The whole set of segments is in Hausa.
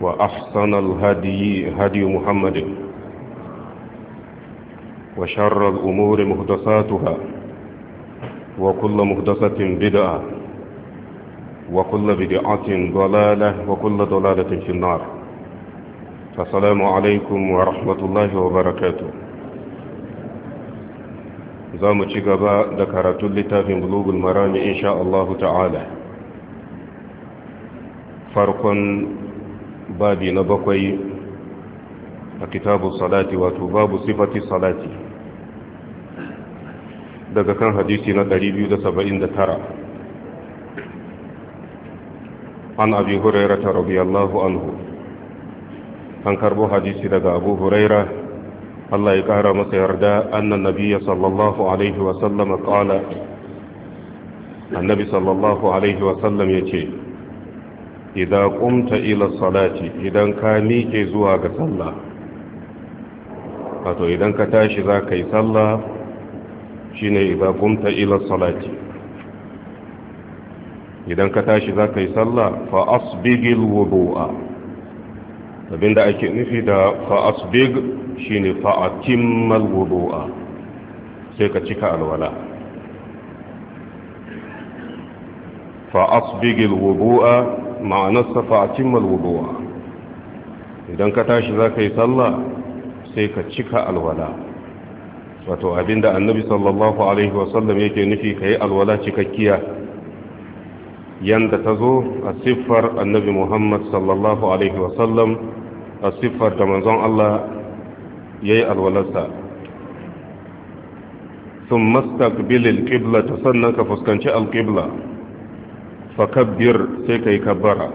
وأحسن الهدي هدي محمد وشر الأمور مهدساتها وكل مهدسة بدعة وكل بدعة ضلالة وكل ضلالة في النار السلام عليكم ورحمة الله وبركاته زامو mu ذكرت gaba da karatun littafin bulugul marami insha Allah ta'ala babi na bakwai a kitabun salati wato babu sifati salati daga kan hadisi na 279 an abi hurairata radiyallahu anhu an karbo hadisi daga abu huraira Allah ya kara masa yarda annan Nabiya sallallahu alaihi wasallama kala annabi sallallahu alaihi wasallam ya ce idan kumta ila salati idan ka miƙe zuwa ga sallah wato idan ka tashi za ka yi sallah shi ne idan kumta ila salati idan ka tashi za ka yi sallah fa asbigil wudu'a abinda ake nufi da fa asbig shine fa atimmal wudu'a sai ka cika alwala fa asbigil wudu'a Ma'anar safa a fa'acin malwuduwa idan ka tashi za ka yi sallah sai ka cika alwala wato abinda annabi sallallahu alaihi wasallam yake nufi ka yi alwala cikakkiya Yadda ta zo a siffar annabi muhammad sallallahu alaihi wasallam a siffar da manzon Allah ya yi alwalarsa sun mastak bilil ƙibla ta sannan ka fuskanci alƙibla fakabbir sai ka yi kabbara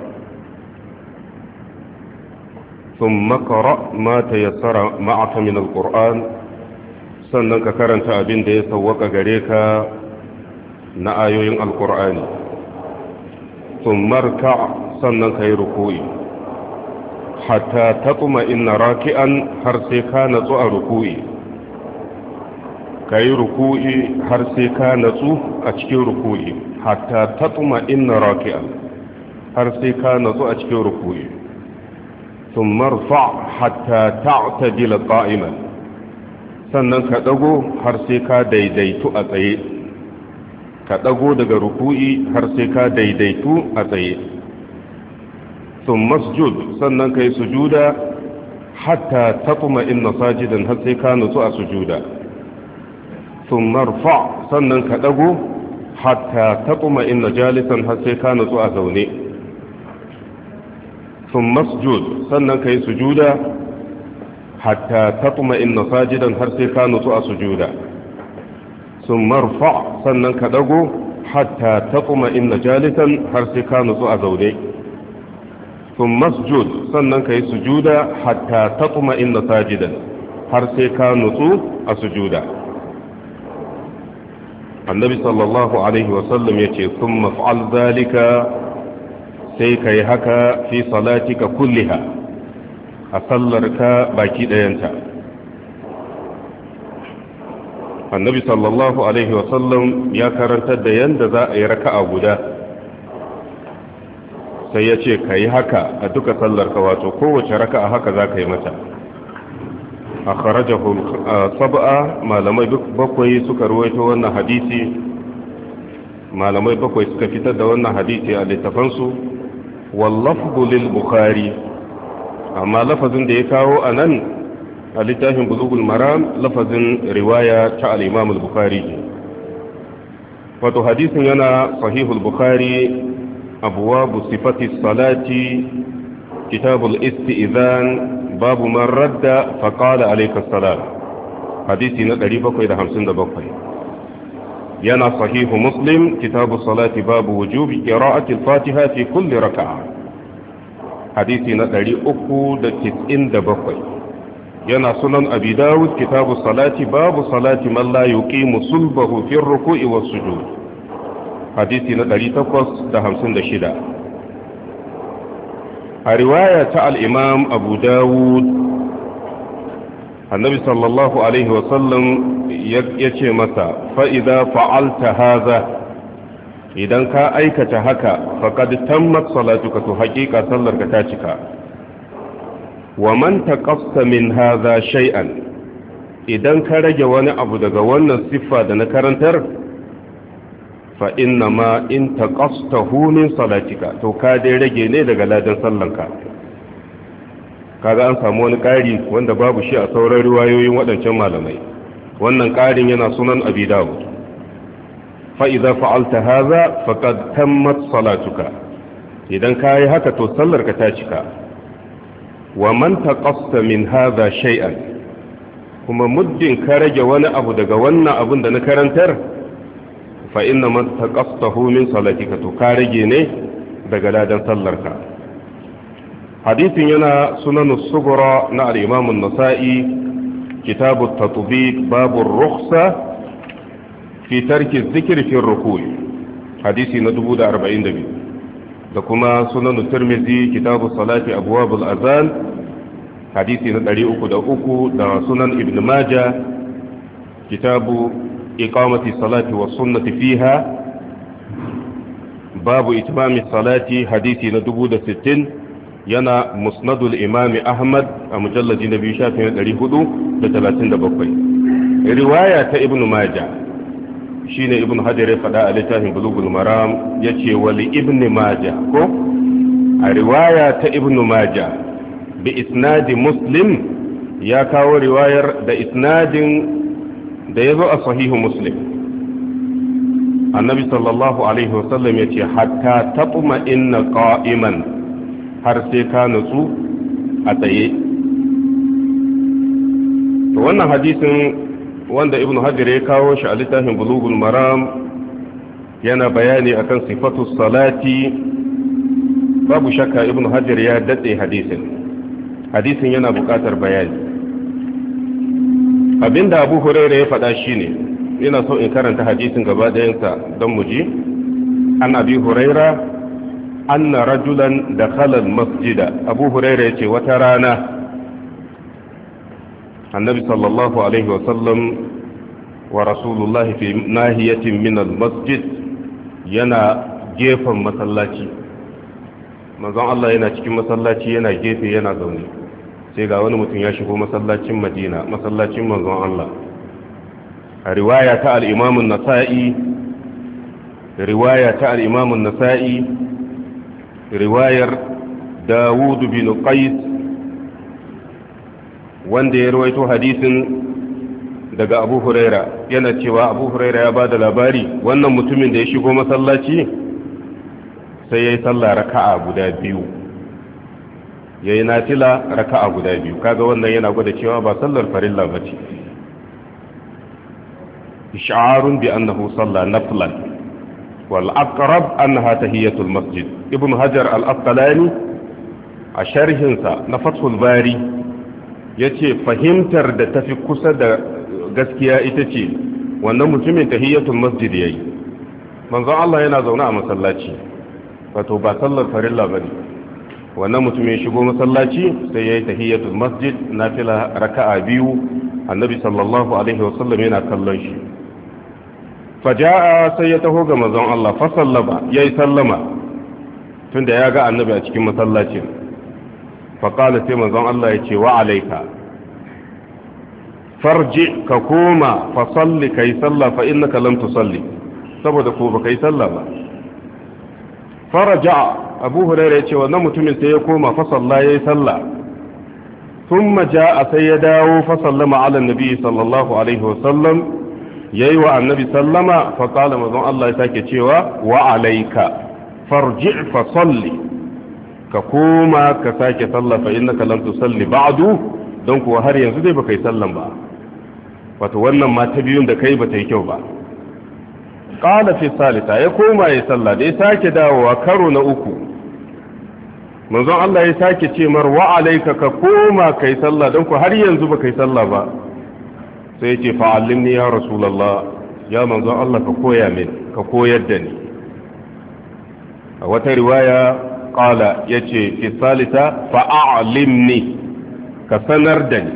sun makara mata ya tsara ma'ata min sannan ka karanta abin da ya sauwaka gare ka na ayoyin alƙur'ani sun marka sannan ka yi rukui hatta ta kuma ina raki'an har sai ka natsu a rukui ka yi rukui har sai ka natsu a cikin rukui hatta tatuma inna raki'an har sai ka natsu a cikin rukuyi sun marfa hatta ta'tadila qa'iman sannan ka dago har sai ka daidaitu a tsaye ka dago daga rukuyi har sai ka daidaitu a tsaye sun masjud sannan ka yi sujuda hatta tatuma inna sajidan har sai ka natsu a sujuda sun marfa sannan ka dago hatta ta taquma inna jalisan har sai ka nutsu a zaune sun masjud sannan ka yi sujuda hatta ta taquma inna sajidan har sai ka nutsu a sujuda sun marfa sannan ka dago hatta ta taquma inna jalisan har sai ka nutsu a zaune sun masjud sannan ka yi sujuda hatta ta taquma inna sajidan har sai ka nutsu a sujuda annabi sallallahu alaihi wasallam ya ce sun maf'al zalika sai ka yi haka fi salatika kulliha a sallarka baki ɗayanta annabi sallallahu alaihi wasallam ya karanta da yadda za a yi raka'a guda sai ya ce ka yi haka a duka sallarka wato kowace raka'a haka za ka yi mata A akharajahu sab'a malamai bakwai suka ruwaito wannan hadisi malamai bakwai suka fitar da wannan hadisi a littafan su wallafu lil bukhari amma lafazin da ya kawo a nan a littafin buzugul maram lafazin riwaya ta al-imam al-bukhari wato hadisin yana sahihul bukhari abwabu sifati salati kitabul istizan babu man radda fa qala alayka salam hadisi na 757 yana sahihu muslim kitabu salati babu wujubi qira'ati al-fatiha fi kulli rak'a hadisi na 397 yana sunan abi dawud kitabu salati babu salati man la yuqimu sulbahu fi ar-ruku'i was-sujud hadisi na 856 a riwaya ta al'imam abu dawud annabi sallallahu alaihi wasallam ya ce masa fa'iza fa'alta haza idan ka aikata haka faƙad tammat salatuka to haƙiƙa sallarka ta cika wa man taqafta min haza shay'an idan ka rage wani abu daga wannan siffa da na karantar fa inna ma in taqastahu min salatika to ka dai rage ne daga ladan sallanka kaga an samu wani ƙari wanda babu shi a sauran riwayoyin waɗancan malamai wannan ƙarin yana sunan abi dawud fa idza fa'alta hadha faqad tammat salatuka idan ka yi haka to sallarka ta cika wa man taqasta min hadha shay'an kuma muddin ka rage wani abu daga wannan abun da na karantar fa inna man taqaftahu min salatika to ka rage ne daga ladan sallarka hadisin yana sunan sugura na al-imam an-nasa'i kitab at-tatbiq bab ar-rukhsa fi tarki adh-dhikr fi ar-ruku' hadisi na 42 da kuma sunan tirmidhi kitab as-salati abwab al-azan hadisi na 303 da sunan ibn majah kitabu إقامة الصلاة والسنة فيها باب إتمام الصلاة حديثي ندبو دا ستين ينا مسند الإمام أحمد مجلد نبي شافي الذي هدو دا ثلاثين دا بقي رواية ابن ماجة شين ابن حجر فداء لتاهم بلوغ المرام يتي ولابن ماجة كو رواية ابن ماجة بإسناد مسلم يا كاو رواية دا إسناد da ya zo a sahihu muslim annabi sallallahu alaihi wasallam ya ce hatta taɓuma inna ƙa'iman har sai ka nutsu a tsaye to wannan hadisin wanda ibn hajar ya kawo shi a littafin bulugul maram yana bayani akan sifatu salati babu shakka ibn hajar ya datse hadisin hadisin yana buƙatar bayani Abin da abu hurairu ya faɗa ne, yana so in karanta hadisin gaba ɗayansa don mu ji an abi an na rajulan da khalal masjida abu huraira ya ce wata rana annabi sallallahu alaihi wasallam wa rasulullahi fi nahiyatin min masjid yana gefen masallaci manzon Allah yana cikin masallaci yana gefe yana zaune sai ga wani mutum ya shigo masallacin madina masallacin manzon Allah a riwaya ta al'imamun nasa'i riwaya ta al'imamun nasa'i riwayar dawudu bin qais wanda ya rawaito hadisin daga abu huraira yana cewa abu huraira ya ba da labari wannan mutumin da ya shigo masallaci sai ya yi sallah raka'a guda biyu yayi natila raka'a guda biyu kaga wannan yana gwada cewa ba sallar farilla bace ish'arun bi annahu salla nafilan wal aqrab annaha tahiyatul masjid ibn hajar al asqalani a sharhinsa na fathul bari yace fahimtar da tafi kusa da gaskiya ita ce wannan mutumin tahiyatul masjid yayi manzon Allah yana zaune a masallaci wato ba sallar farilla bane wannan mutum ya shigo masallaci sai ya yi tahiyyatul masjid na nafila raka'a biyu annabi sallallahu alaihi wasallam yana kallon shi faja'a sai ya taho ga mazan Allah fa sallama yayi sallama tunda ya ga annabi a cikin masallacin fa qala sai mazan Allah ya ce wa alayka farji ka koma fa salli kai salla fa innaka lam tusalli saboda ko baka yi salla ba faraja abu huraira ya ce wannan mutumin sai ya koma fasalla ya yi sallah sun maja a sai ya dawo fasallama ala nabi sallallahu alaihi wasallam ya yi wa annabi sallama fasala mazan Allah ya sake cewa wa alaika farji fa salli ka koma ka sake sallah fa innaka lam Salli ba'adu don kuwa har yanzu dai baka yi sallan ba wato wannan ma ta biyun da kai bata yi kyau ba qala fi salisa ya koma ya sallah da ya sake dawowa karo na uku manzon Allah ya sake ce mar wa alayka ka koma kai sallah dan ku har yanzu ba kai sallah ba sai ya ce fa'allimni ya rasulullah ya manzon Allah ka koya min ka koyar da ni a wata riwaya qala yace fi salita fa'allimni ka sanar da ni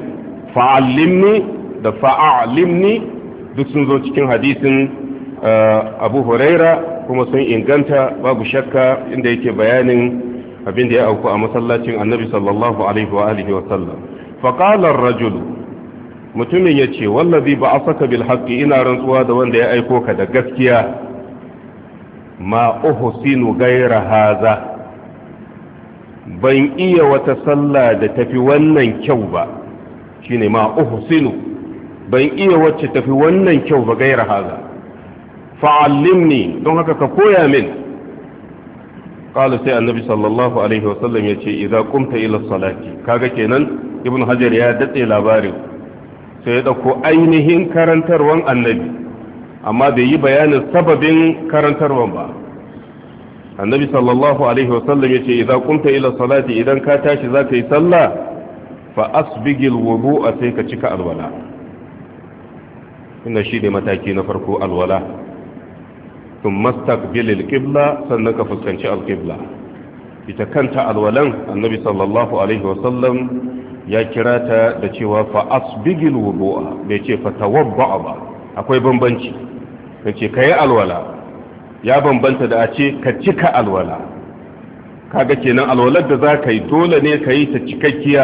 fa'allimni da fa'allimni duk sun zo cikin hadisin uh, Abu Huraira kuma sun inganta babu shakka inda yake bayanin abin da ya auku a masallacin annabi sallallahu alaihi wa alihi wa sallam faqala ar-rajul mutumin yace wallazi ba'asaka bil haqqi ina rantsuwa da wanda ya aiko ka da gaskiya ma uhsinu ghayra hadha ban iya wata sallah da tafi wannan kyau ba shine ma uhsinu ban iya wacce tafi wannan kyau ba ghayra hadha fa'allimni don haka ka koya min qala sai annabi sallallahu alaihi wasallam yace idza qumta ila salati kaga kenan ibnu hajar ya datse labarin sai ya dauko ainihin karantarwan annabi amma bai yi bayanin sababin karantarwan ba annabi sallallahu alaihi wasallam yace idza qumta ila salati idan ka tashi zaka yi sallah fa asbigil wudu'a sai ka cika alwala inna shi ne mataki na farko alwala sun mastaqbilil qibla sannan ka fuskanci alqibla ita kanta alwalan annabi sallallahu alaihi wasallam ya kira ta da cewa fa asbigil wudu'a bai ce fa tawabba'a ba akwai bambanci kace kai alwala ya bambanta da a ce ka cika alwala kaga kenan alwalar da za ka yi dole ne ka yi ta cikakkiya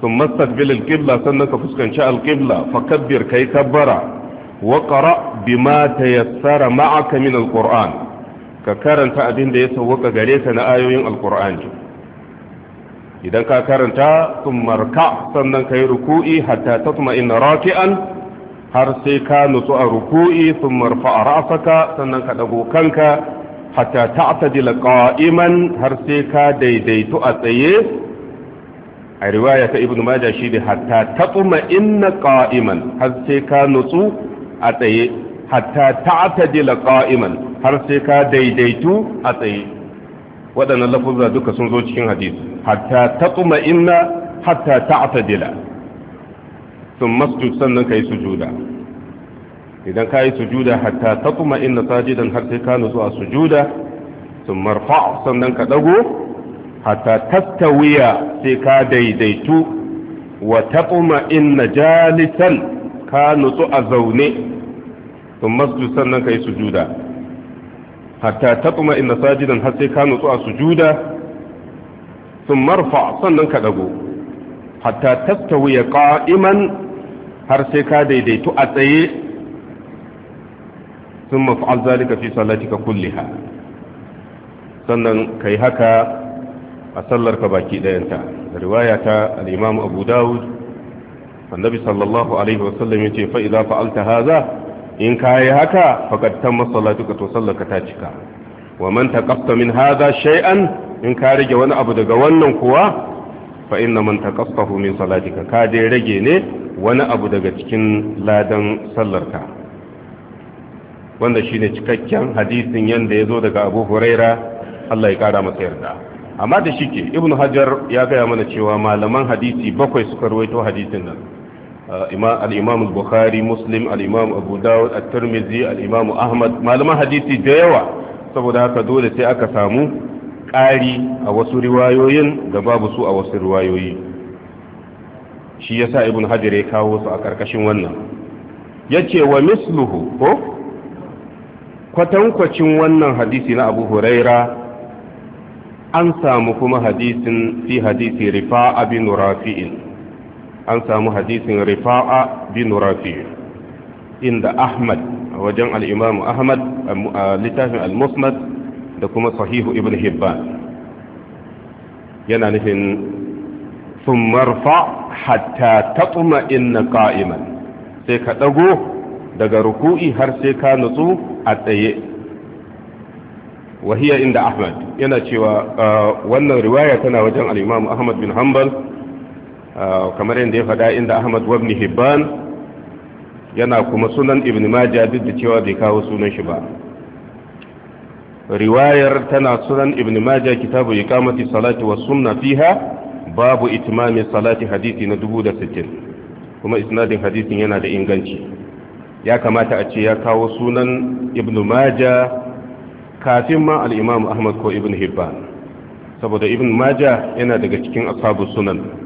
sun mastaqbil alqibla sannan ka fuskanci alqibla fakabbir kai kabbara wa yassara bima tayassara ma'aka min Alƙur'an, ka karanta abin da ya sauwaka gare ka na ayoyin alqur'ani idan ka karanta marka sannan yi ruku'i hatta tatma'inna raki'an har sai ka nutsu a ruku'i thumma a rafaka sannan ka ɗago kanka hatta ta'tadila qa'iman har sai ka daidaitu a tsaye a riwaya ta ibn maja shi ne hatta taɓuma inna ƙa'iman har sai ka nutsu a tsaye hatta ta'tadila qa'iman har sai ka daidaitu a tsaye waɗannan lafuzza duka sun zo cikin hadisi hatta taquma inna hatta ta'tadila sun masjud sannan ka kai sujuda idan ka yi sujuda hatta taquma inna sajidan har sai ka nutsu a sujuda sun marfa sannan ka dago hatta tattawiya sai ka daidaitu wa ta tsuma inna jalisan ka nutsu a zaune sun masu sannan ka yi sujuda hatta taɓa inna sajidan har sai ka nutsu a sujuda sun marfa sannan ka ɗago hatta tattawi ya ƙa'iman har sai ka daidaitu a tsaye sun mafi alzalika fi kulle ha, sannan ka yi haka a sallar ka baki ɗayanta da riwaya ta al'imamu abu dawud annabi sallallahu alaihi wasallam yace fa idza fa'alta hadha in kai haka faqad tamma salatuka to sallaka ta cika wa man taqatta min hadha shay'an in ka rage wani abu daga wannan kuwa fa inna man taqaffahu min salatika ka dai rage ne wani abu daga cikin ladan sallarka wanda shine cikakken hadisin yanda zo daga Abu Huraira Allah ya kara masa yarda amma da shike Ibn Hajar ya gaya mana cewa malaman hadisi bakwai suka rawaito hadisin nan al imamul bukhari muslim al-imam abu dawud at-tirmidhi al ahmad malaman hadisi da yawa saboda haka dole sai aka samu ƙari a wasu riwayoyin da babu su a wasu riwayoyi shi yasa ibn hajar ya kawo su a karkashin wannan yace wa misluhu ko kwatankwacin wannan hadisi na abu huraira an samu kuma hadisin fi hadisi rifa bin rafi'in an samu hadisin rifa'a bin rafi inda ahmad wajen al'imamu ahmad littafin al-musnad da kuma sahihu ibn hibban yana nufin sun marfa hatta taɓuma inna ƙa'iman sai ka ɗago daga ruku'i har sai ka nutsu a tsaye wahiyar inda ahmad yana cewa ah, wannan riwaya tana wajen al'imamu ahmad bin hanbal Ah, kamar yadda ya faɗa inda ahmad wabni hibban yana kuma sunan ibn majah duk da cewa bai kawo sunan shi ba riwayar tana sunan ibn majah kitabu iqamati salati wa sunna fiha babu itmami salati hadisi na sittin kuma isnadin hadisin yana da inganci ya kamata a ce ya kawo sunan ibn majah kafin ma al-imam ahmad ko ibn hibban saboda ibn majah yana daga cikin ashabu sunan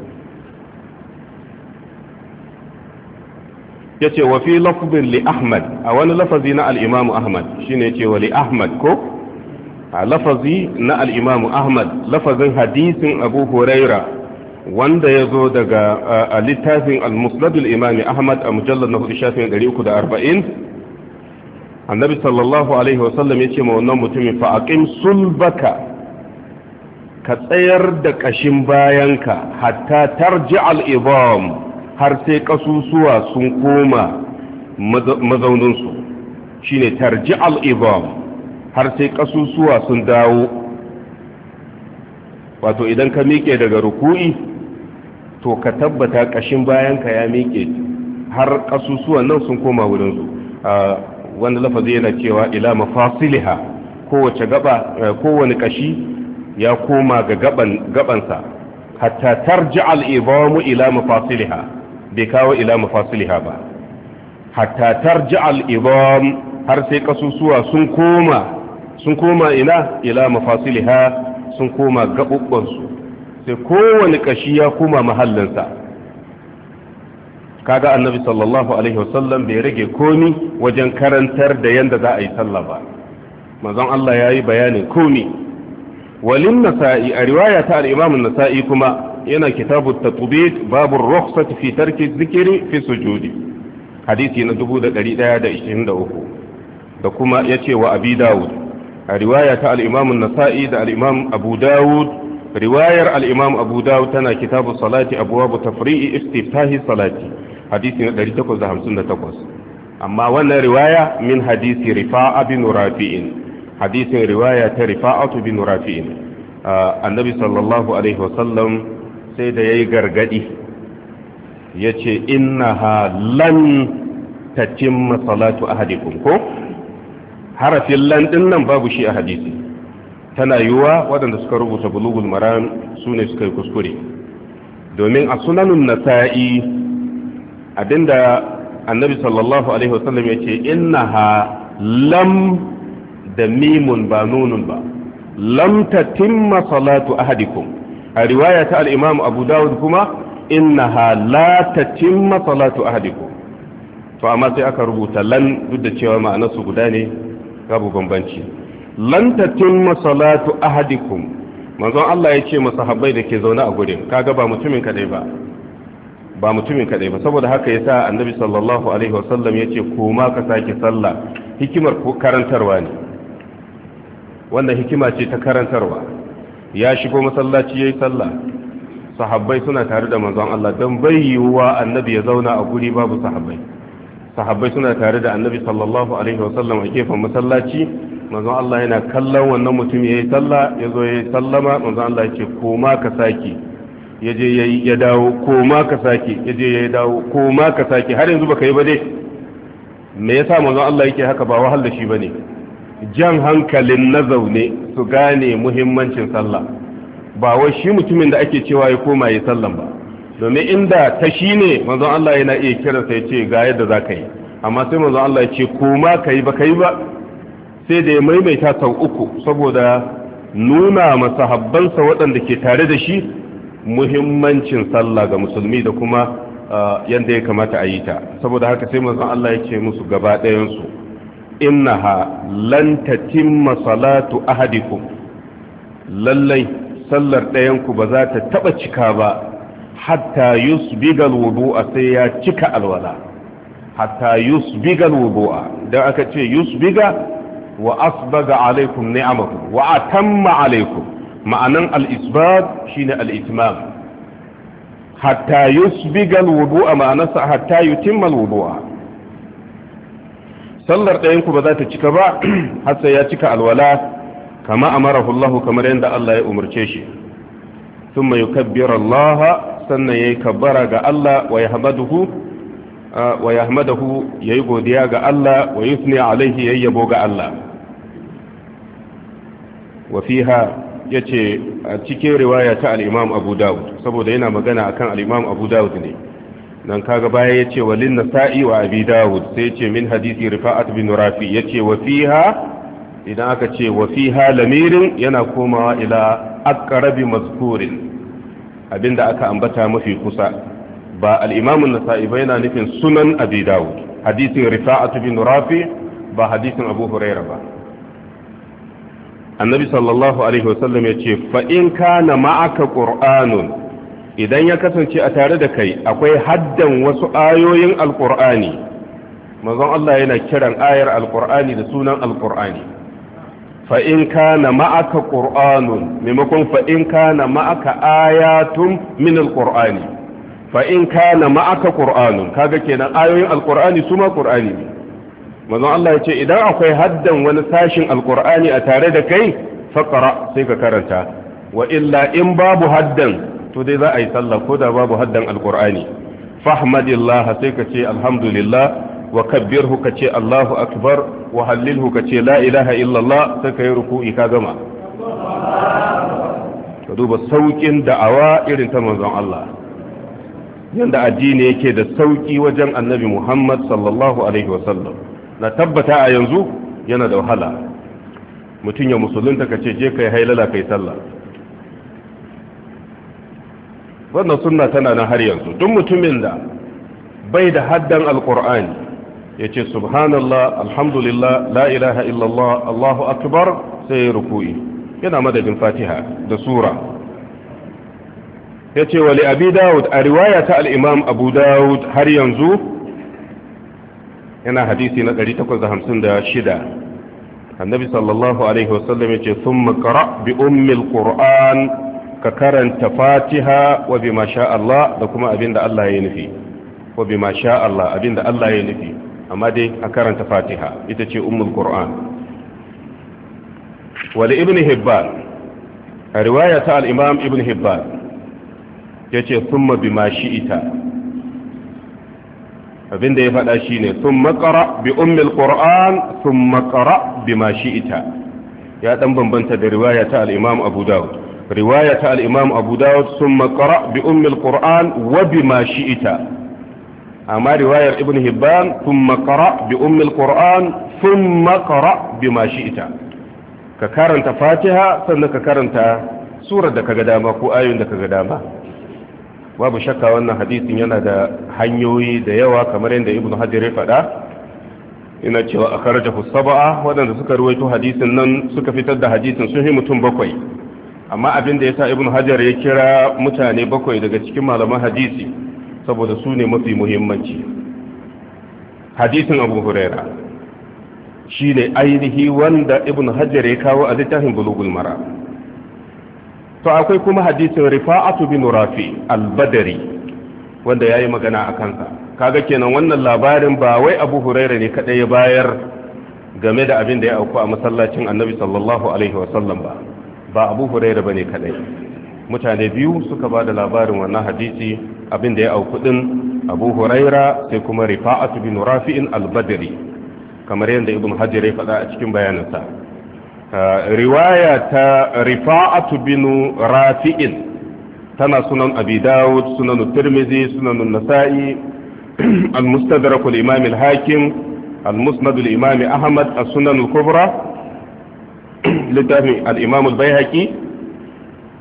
yace wa fi lafdin li ahmad a wani lafazi na al-imamu ahmad shine yace wa li ahmad ko a lafazi na al-imamu ahmad lafazin hadisin abu huraira wanda ya zo daga littafin al-musnad al-imami ahmad a mujallad na hudu shafin 340 annabi sallallahu alaihi wasallam yace ma wannan mutumin fa aqim sulbaka ka tsayar da kashin bayanka hatta tarji al-ibam har sai kasusuwa sun koma mazauninsu shi ne tarji al'ibam har sai kasusuwa sun dawo wato idan ka miƙe daga ruku'i to ka tabbata ƙashin bayanka ya miƙe har kasusuwan nan sun koma wurinsu wanda lafazi yana cewa ila mafasiliha kowace gaba eh, kowane kashi ya koma ga gaban gabansa hatta tarji al'ibamu ila mafasiliha bai kawo ila mufasiliha ba hatta tarji al'ibam har sai kasusuwa sun koma sun koma ina ila mafasiliha sun koma gaɓuɓɓansu sai kowane ƙashi ya koma mahallinsa kaga annabi sallallahu alaihi wasallam bai rage komi wajen karantar da yadda za a yi sallah ba manzon Allah ya yi bayanin komi walin nasa'i a riwaya ta al'imamun nasa'i kuma yana kitabu tatubit babu rukhsat fi tarki zikiri fi sujudi hadisi na 1123 da kuma ya ce wa abi daud a riwaya ta al-imam an-nasa'i da al'imam abu Dawud. riwayar al'imam abu Dawud tana kitabu salati abwabu tafri'i istiftahi salati hadisi na 858 amma wannan riwaya min hadisi rifa'a bin rafi'in hadisin riwaya ta rifa'atu bin rafi'in annabi sallallahu alaihi wasallam sai da yayi gargadi yace innaha lan tatimma salatu ahadikum ko harafin lan nan babu shi a hadisi tana yiwuwa waɗanda suka rubuta bulugul su sune suka yi kuskure domin a sunanun nasa'i abinda annabi sallallahu alaihi wasallam yace innaha lam da mimun ba nunun ba lam tatimma salatu ahadikum a riwaya ta al'imam abu dawud kuma innaha la tatimma salatu ahadikum to amma sai aka rubuta lan duk da cewa ma'anar su guda ne babu bambanci lan tatimma salatu ahadikum manzon Allah ya ce masahabbai da ke zaune a gurin kaga ba mutumin kadai ba ba mutumin kadai ba saboda haka ya sa annabi sallallahu alaihi wasallam ce ko ma ka sake sallah hikimar karantarwa ne wannan hikima ce ta karantarwa ya shigo masallaci ya yi sallah sahabbai suna tare da manzon Allah don bai yiwuwa annabi ya zauna a guri babu sahabbai sahabbai suna tare da annabi sallallahu alaihi wasallam a gefen masallaci manzon Allah yana kallon wannan mutum ya yi sallah ya zo ya yi sallama manzon Allah ya yake koma ka saki ya je yayi ya dawo koma ka saki ya je yayi dawo koma ka saki har yanzu baka yi ba dai me yasa manzon Allah yake haka ba wahal da shi bane jan hankalin na zaune su gane muhimmancin sallah ba wai shi mutumin da ake cewa ya koma ya sallan ba domin inda ta shi ne manzon Allah yana iya kiransa ya ce ga yadda za ka yi amma sai manzon Allah ya ce koma ka yi ba ka yi ba sai da ya maimaita sau uku saboda nuna masahabbansa waɗanda ke tare da shi muhimmancin sallah ga musulmi da kuma uh, yadda ya kamata a yi ta saboda haka sai manzon Allah ya ce musu gaba ɗayansu innaha lan tatimma salatu ahadikum lallai sallar ɗayanku ba za ta taɓa cika ba hatta yusbigal wudu'a sai ya cika alwala hatta yusbigal wudu'a dan aka ce yusbiga wa asbaga alaikum ni'amahu wa atamma alaikum ma'anan al-isbag shine al-itmam hatta yusbigal wudu'a ma'anarsa hatta yutimma al-wudu'a sallar ɗayan ku ba za ta cika ba har sai ya cika alwala kama amarahu Allah kamar yadda Allah ya umarce shi thumma mai Allah sannan yi kabbara ga Allah wa yahmaduhu wa ya yayi godiya ga Allah wa yusni alaihi yayi yabo ga Allah wa fiha yace a cikin riwaya ta al-Imam Abu Dawud saboda yana magana akan al-Imam Abu Dawud ne nan kaga baya yace walin nasa'i wa abi dawud sai yace min hadisi rifa'at bin rafi yace wa fiha idan aka ce wa fiha lamirin yana komawa ila aqrabi mazkurin abinda aka ambata mafi kusa ba al-imam an-nasa'i ba yana nufin sunan abi dawud hadisin rifa'at bin rafi ba hadisin abu huraira ba annabi sallallahu alaihi wasallam yace fa in kana ma'aka qur'anun idan ya kasance a tare da kai akwai haddan wasu ayoyin alkur'ani manzon Allah yana kiran ayar alkur'ani da sunan alkur'ani fa in kana ma'aka ƙur'anun. maimakon fa in kana ma'aka ayatun min alkur'ani fa in kana ma'aka qur'anun kaga kenan ayoyin alkur'ani su ma ƙurani ne manzon Allah ya ce idan akwai haddan wani sashin alkur'ani a tare da kai faqra sai ka karanta wa illa in babu haddan to dai za a yi sallah ko da babu haddan alkur'ani fahmadillah sai ka ce alhamdulillah wa kabbirhu ka ce Allahu akbar wa hallilhu ka ce la ilaha illallah sai ka yi ruku'i ka gama ka duba saukin da'awa irin ta manzon Allah yanda addini yake da sauki wajen annabi Muhammad sallallahu alaihi sallam. na tabbata a yanzu yana da wahala mutum ya musulunta ka ce je kai hailala kai sallah wannan sunna tana nan har yanzu duk mutumin da bai da haddan alkur'ani ya ce subhanallah alhamdulillah la illallah allahu akbar sai ya ruku'i yana madadin fatiha da sura ya ce wali abi dawud a riwaya ta al'imam abu dawud har yanzu yana hadisi na 856 annabi sallallahu alaihi wasallam ya ce sun makara bi ummil qur'an ka karanta fatiha wa bima sha Allah da kuma abinda Allah ya nufi wa bima sha Allah abinda Allah ya nufi amma dai a karanta fatiha ita ce ummul qur'an wa li ibn hibban a riwaya ta al-imam ibn hibban yace thumma bima shi'ita abinda ya faɗa shine thumma qara bi ummul qur'an thumma qara bima shi'ita ya dan bambanta da riwaya ta al-imam abu dawud رواية الإمام أبو داود ثم قرأ بأم القرآن وبما شئت أما رواية ابن هبان ثم قرأ بأم القرآن ثم قرأ بما شئت ككارنت فاتحة ثم ككارنت سورة دك قدامة وآي دك قدامة babu shakka wannan hadisin yana da hanyoyi da yawa kamar yadda ibn hajar ya faɗa ina cewa a karajahu saba'a waɗanda suka ruwaito hadisin nan suka fitar da hadisin sun yi mutum bakwai amma abin da ya sa ibn hajar ya kira mutane bakwai daga cikin malaman hadisi saboda su ne mafi muhimmanci hadisin abu huraira shi ne ainihi wanda ibn hajar ya kawo a littafin bulugul mara to akwai kuma hadisin rifa'atu bin rafi al-badari wanda yayi magana a kansa kaga kenan wannan labarin ba wai abu huraira ne kadai ya bayar game da abin da ya auku a masallacin annabi sallallahu alaihi wasallam ba ba abu huraira ba ne kadai mutane biyu suka ba da labarin wannan hadisi abin da ya auku din abu huraira sai kuma rifa'atu bin rafi'in al-badri kamar yadda ibn hajar ya faɗa a cikin bayaninsa uh, riwaya ta rifa'atu bin rafi'in tana sunan abi dawud sunan tirmizi sunan nasa'i al-mustadrak al-imam al-hakim al-musnad al-imam ahmad as-sunan al-kubra littafin al-imam al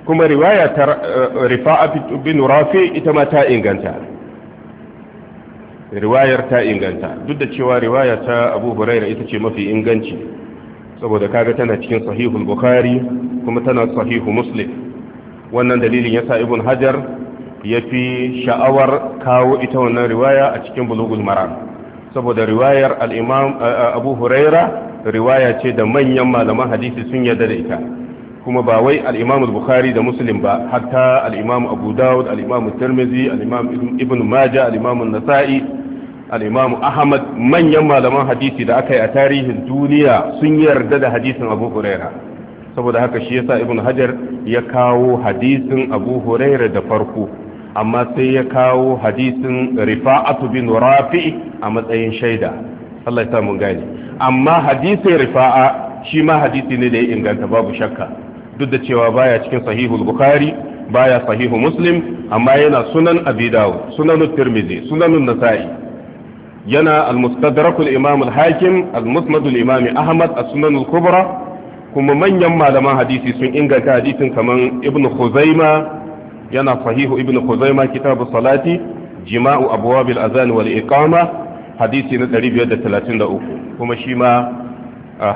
kuma riwaya ta eh, rifa'a bin rafi ita ma ta inganta riwayar ta inganta duk da cewa riwaya ta abu huraira ita ce mafi inganci saboda kaga tana cikin sahihul bukhari kuma tana sahihu muslim wannan dalilin yasa ibn hajar ya fi sha'awar kawo ita wannan riwaya a cikin bulugul maram saboda riwayar al eh, eh, abu huraira riwaya ce da manyan malaman hadisi sun yarda da ita kuma ba wai al-Imam bukhari da Muslim ba hatta al-Imam Abu Dawud al-Imam Tirmidhi al-Imam Ibn Majah al-Imam An-Nasa'i al-Imam Ahmad manyan malaman hadisi da aka yi a tarihin duniya sun yarda da hadisin Abu Huraira saboda haka shi yasa Ibn Hajar ya kawo hadisin Abu Huraira da farko amma sai ya kawo hadisin Rifa'atu bin Rafi a matsayin shaida Allah ya sa mun gane amma hadisi rifa'a shi ma hadisi ne da ya inganta babu shakka duk da cewa baya cikin sahihul bukhari baya sahihu muslim amma yana sunan abi dawud sunanut tirmizi sunan nasa'i yana al-mustadrak al-imam al-hakim al-musnad al-imam ahmad as-sunan kubra kuma manyan malaman hadisi sun inganta hadisin kaman ibnu khuzaima yana sahihu ibnu khuzaima kitabu salati jima'u abwab al-azan wal iqama hadisi na 533 kuma shi ma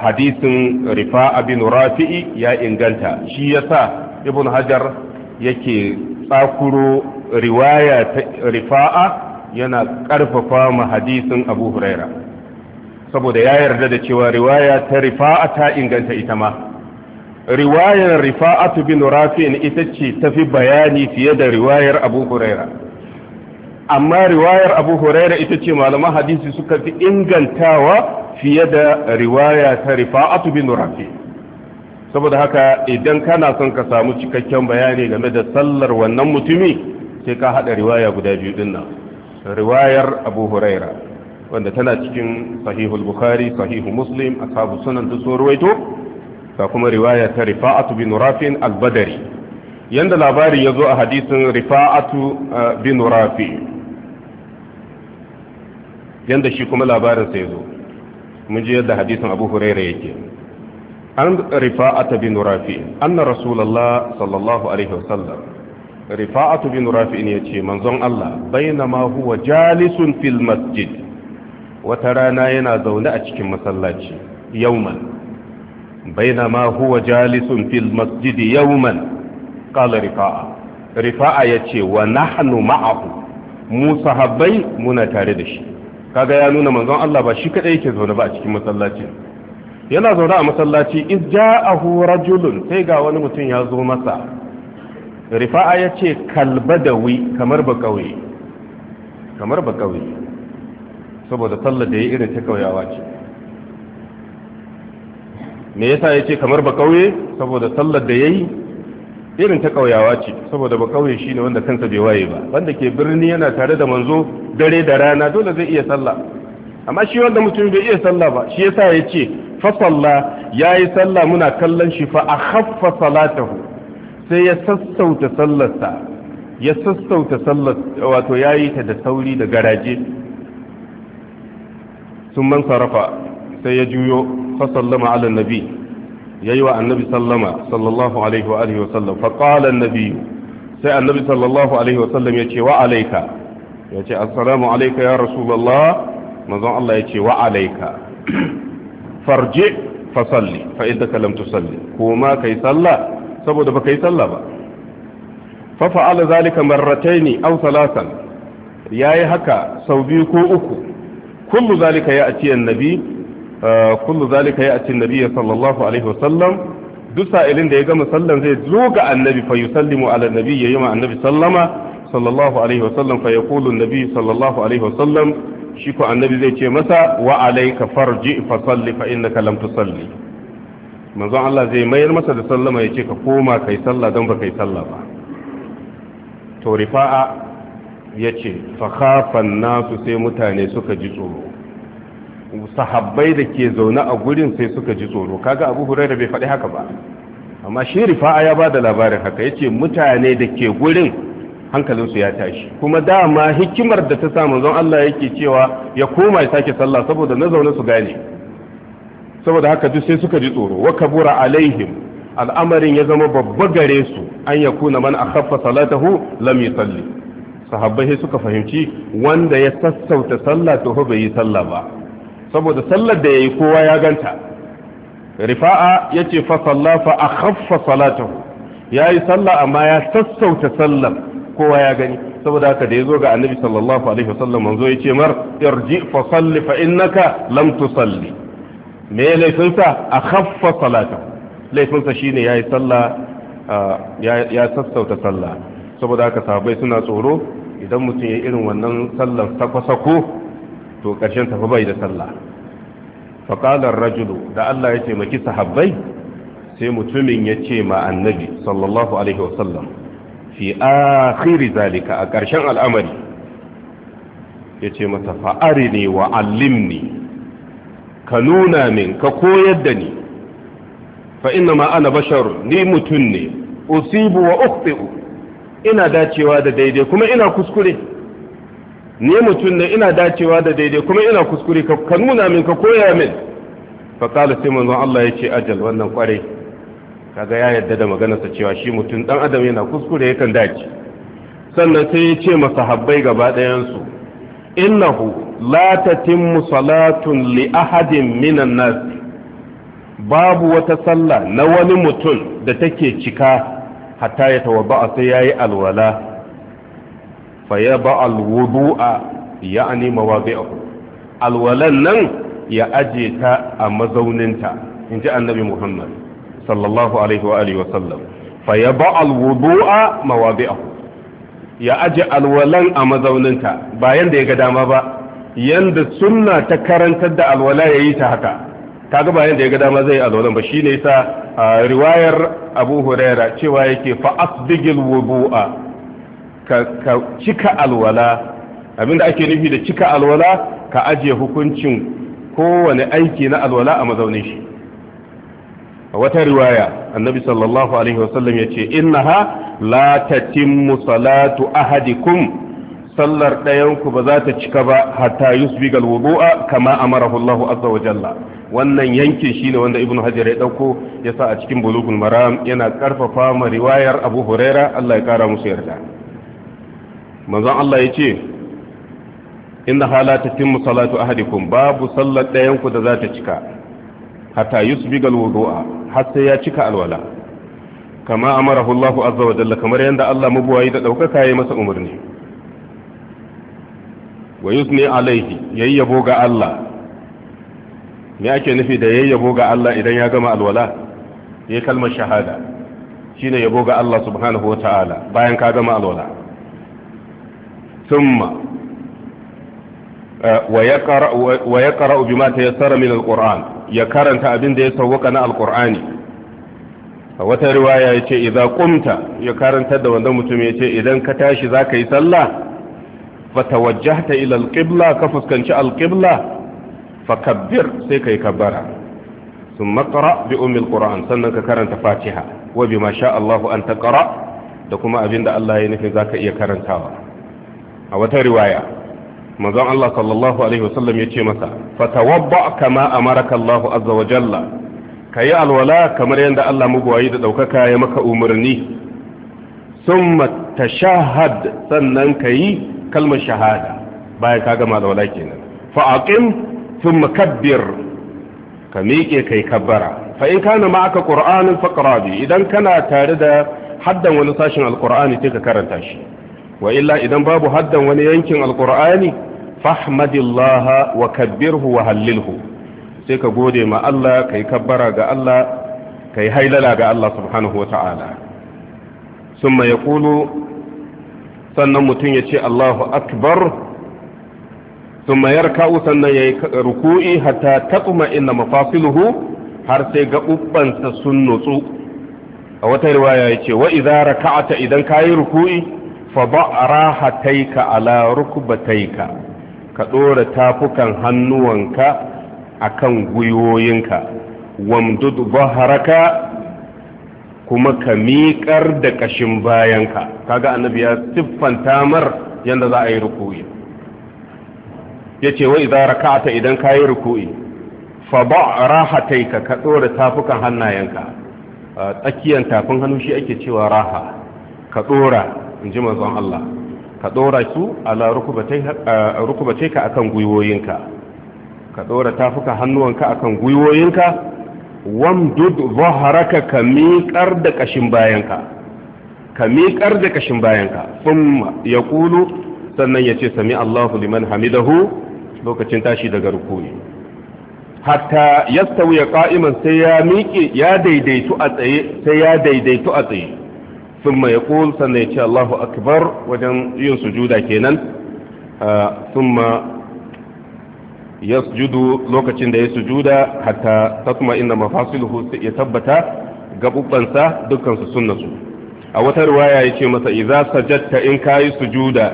hadisin rifa'a bin rafi'i ya inganta shi ya sa ibn hajar yake tsakuro riwaya ta rifa'a yana karfafa ma hadisin abu huraira saboda ya yarda da cewa riwaya ta rifa'a ta inganta ita ma riwayar rifa'a ta bin rafi'in ita ce ta fi bayani fiye da riwayar abu huraira amma riwayar abu huraira ita ce malaman hadisi suka fi ingantawa fiye da riwaya ta rifa'atu bin rafi saboda haka idan kana son ka samu cikakken bayani game da sallar wannan mutumi sai ka hada riwaya guda biyu din nan riwayar abu huraira wanda tana cikin sahihul bukhari sahihu muslim ashabu sunan da sun ruwaito ga kuma riwaya ta rifa'atu bin rafin al-badari yanda labari ya zo a hadisin rifa'atu eh, bin rafi yanda shi kuma labarinsa ya zo. mun ji yadda hadisin Abu Hurairah yake an rifa'ata bin rafi anna rasulullah sallallahu alaihi wasallam rifa'atu bin rafi ne yace manzon Allah bainama huwa jalisun fil masjid wata rana yana zaune a cikin masallaci yauman bainama huwa jalisun fil masjid yauman qala rifa'a rifa'a yace wa nahnu ma'ahu mu sahabbai muna tare da shi kaga ya nuna manzon Allah ba shi kadai yake zaune ba a cikin masallaci yana zaune a masallaci iz ja'ahu rajulun sai ga wani mutum ya zo masa rifa'a yace kalbadawi kamar ba kauye kamar ba kauye saboda sallar da ya irin ta kauyawa ce me yasa yace kamar ba kauye saboda sallar da yayi irin ta kauyawa ce saboda ba kauye shine wanda kansa bai waye ba wanda ke birni yana tare da manzo dare da rana dole zai iya sallah amma shi wanda mutum bai iya sallah ba shi yasa ya ce fa salla yi sallah muna kallon shi fa a haffa salatahu sai ya sassauta sallarsa ya sassauta sallar wato ya yi ta da sauri da garaje sun man sarrafa sai ya juyo fa sallama ala nabi yayi wa annabi sallama sallallahu alaihi wa alihi wa sallam fa qala annabi sai annabi sallallahu alaihi wa sallam yace wa alayka yace assalamu alayka ya rasulullah manzon Allah yace wa alayka farji fa salli fa innaka lam tusalli kuma kai salla saboda baka yi salla ba fa fa'ala zalika marrataini aw thalathan yayi haka sau biyu ko uku kullu zalika ya atiya annabi kullu zalika ya atin nabiyyi sallallahu alaihi wasallam duk sa'ilin da ya gama sallan zai zo ga annabi fa yusallimu ala nabi ya yi ma annabi sallama sallallahu alaihi wasallam fa yaqulu an-nabi sallallahu alaihi wasallam shi ko annabi zai ce masa wa alayka farji fa salli fa innaka lam tusalli manzon Allah zai mayar masa da sallama ya ce ka koma kai sallah don ba kai sallah ba to rifa'a yace fa khafa nasu sai mutane suka ji tsoro sahabbai da ke zaune a gurin sai suka ji tsoro kaga abu huraira bai faɗi haka ba amma shi rifa'a ya ba da labarin haka ya ce mutane da ke gurin hankalinsu ya tashi kuma dama hikimar da ta samu zan Allah yake cewa ya koma ya sake sallah saboda na zaune su gane saboda haka duk sai suka ji tsoro wa kabura alaihim al'amarin ya zama babba gare su an ya kuna man akhaffa salatahu lam yusalli sahabbai suka fahimci wanda ya sassauta sallah to bai yi sallah ba saboda sallar da yayi kowa ya ganta rifa'a yace fa salla fa akhaffa Ya yayi sallah amma ya sassauta sallar kowa ya gani saboda haka da yazo ga annabi sallallahu alaihi wasallam manzo yace mar irji fa salli fa innaka lam tusalli me laifinsa akhaffa laifin laifinsa shine yayi sallah ya sassauta sallah saboda haka sahabbai suna tsoro idan mutum ya irin wannan sallar sako-sako to ƙarshen tafi bai da sallah faƙalar rajulu da Allah ya taimaki sahabbai sai mutumin ya ce ma sallallahu alaihi wasallam fi akhiri zalika a ƙarshen al'amari ya ce masa fa'ari ne wa allimni ka nuna min ka koyar da ni fa ma'ana bashar ni mutum ne usibu wa ukhti'u ina dacewa da daidai kuma ina kuskure ni mutum ne ina dacewa da daidai kuma ina kuskure ka nuna min ka koya min fa qala sai manzo Allah yace ajal wannan kwarai kaga ya yarda da maganarsa cewa shi mutum dan adam yana kuskure yakan dace sannan sai ya ce masahabbai gaba ɗayan su innahu la tatimmu salatun li ahadin minan nas babu wata sallah na wani mutum da take cika hatta ya tawaba sai yayi alwala fa ya ba alwudu'a ya ani mawazi'ahu alwalan nan ya aje ta a mazauninta in ji annabi muhammad sallallahu alaihi wa alihi wasallam fa ya ba alwudu'a mawazi'ahu ya aje alwalan a mazauninta ba yanda ya ga dama ba yanda sunna ta karantar da alwala ya yi ta haka kaga ba yanda ya ga dama zai alwalan ba shine yasa riwayar abu huraira cewa yake fa asbigil wudu'a ka cika alwala abinda ake nufi da cika alwala ka ajiye hukuncin kowane aiki na alwala a mazaunin shi a wata riwaya annabi sallallahu alaihi wasallam ya ce ha la tatimmu salatu ahadikum sallar ɗayanku ba za ta cika ba hatta yusbigal wudu'a kama amarahu Allahu azza wa jalla wannan yankin shine wanda ibnu hajar ya dauko ya sa a cikin bulugul maram yana karfafa ma riwayar abu huraira Allah ya kara musu yarda manzon Allah ya ce inna halata timmu salatu ahadikum babu sallar ɗayanku da za ta cika hatta ga wudu'a har sai ya cika alwala kama amarahu Allahu azza wa jalla kamar yanda Allah mabuwayi da daukaka yayi masa umarni wa yusni alaihi yayyabo ga Allah me ake nufi da yayyabo ga Allah idan ya gama alwala yayi kalmar shahada shine yabo ga Allah subhanahu wa ta'ala bayan ka gama alwala thumma waya yaqra wa yaqra bima tayassara min alquran ya karanta abin da ya sauka na alqurani a riwaya yace idza ya karanta da wanda mutum yace idan ka tashi zaka yi sallah fatawajjahta ila alqibla ka fuskanci alqibla fakabbir sai kai kabbara ثم اقرأ sannan ka karanta fatiha فاتحة وبما شاء الله أن تقرأ da kuma abin da Allah ya nufi za ka iya karantawa a wata riwaya manzon Allah sallallahu alaihi wasallam yace masa fatawabba kama amaraka Allah azza wa jalla kayi alwala kamar yadda Allah mugwayi da daukaka ya maka umarni summa tashahhad sannan kayi kalmar shahada bayan ka gama alwala kenan fa aqim thumma kabbir ka miƙe kai kabbara fa in kana ma'aka qur'anin faqra bi idan kana tare da haddan wani sashin alqur'ani sai ka karanta shi wa illa idan babu haddan wani yankin alkur'ani fahmadillaha wa kabbirhu wa hallilhu sai ka gode ma Allah kai kabbara ga Allah kai hailala ga Allah subhanahu wata'ala summa yaqulu sannan mutum ya ce Allahu akbar summa yarka'u sannan yayi ruku'i hatta taquma inna mafasiluhu har sai gaɓuɓɓansa sun nutsu a wata riwaya ya ce wa idza raka'ata idan kayi ruku'i faba rahataika ala rukbataika ka dora tafukan hannuwanka akan gwiwoyinka wamdud baharaka kuma ka miƙar da ƙashin bayanka kaga annabi ya siffanta mar yanda za a yi ruku'i yace wa idza raka'ata idan kayi ruku'i fa ba taika ka dora tafukan hannayenka tsakiyar tafin hannu shi ake cewa raha ka dora in ji manzon Allah ka ɗora su ala rukubace ka akan gwiwoyinka ka ɗora tafuka hannuwanka akan gwiwoyinka wamdud zaharaka ka miƙar da ƙashin bayanka ka miƙar da ƙashin bayanka sun ya ƙulu sannan ya ce sami Allahu liman hamidahu lokacin tashi daga rukuni hatta yastawi wuya qa'iman sai ya miƙe ya daidaitu a tsaye sai ya daidaitu a tsaye thumma yaqul sannan ya ce Allahu akbar wajen yin sujuda kenan thumma yasjudu lokacin da ya sujuda hatta tatma inna mafasiluhu ya tabbata gabubbansa dukkan su sunnatu a wata riwaya ce masa idza sajadta in kayi sujuda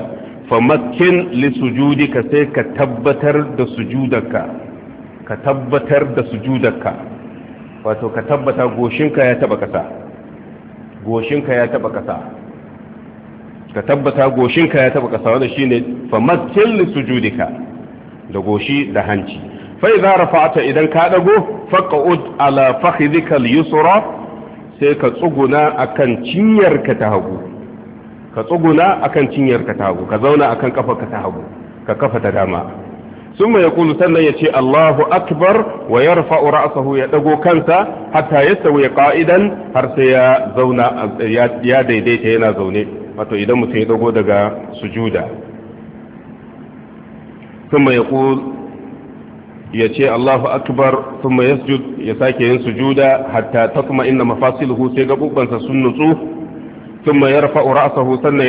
famakkin li sujudika sai ka tabbatar da sujudarka ka tabbatar da sujudarka wato ka tabbata goshinka ya taɓa ƙasa. goshinka ya taba kasa ka tabbata goshinka ya taba kasa wanda shine famattil sujudika da goshi da hanci fa idza rafa'ta idan ka dago faqud ala fakhidhika al-yusra sai ka tsuguna akan cinyarka ta hagu ka tsuguna akan cinyarka ta hagu ka zauna akan kafarka ta hagu ka kafa ta dama ثم يقول سنة يتي الله أكبر ويرفع رأسه يدقو كنسا حتى يستوي قائدا هرسيا زونا يا دي دي تينا زوني wato idan mutum ya dago daga sujuda ثم يقول ya ce Allahu akbar sun ya sake yin sujuda hatta ta kuma inda mafasiluhu sai gaɓuɓansa sun nutsu sun mai ya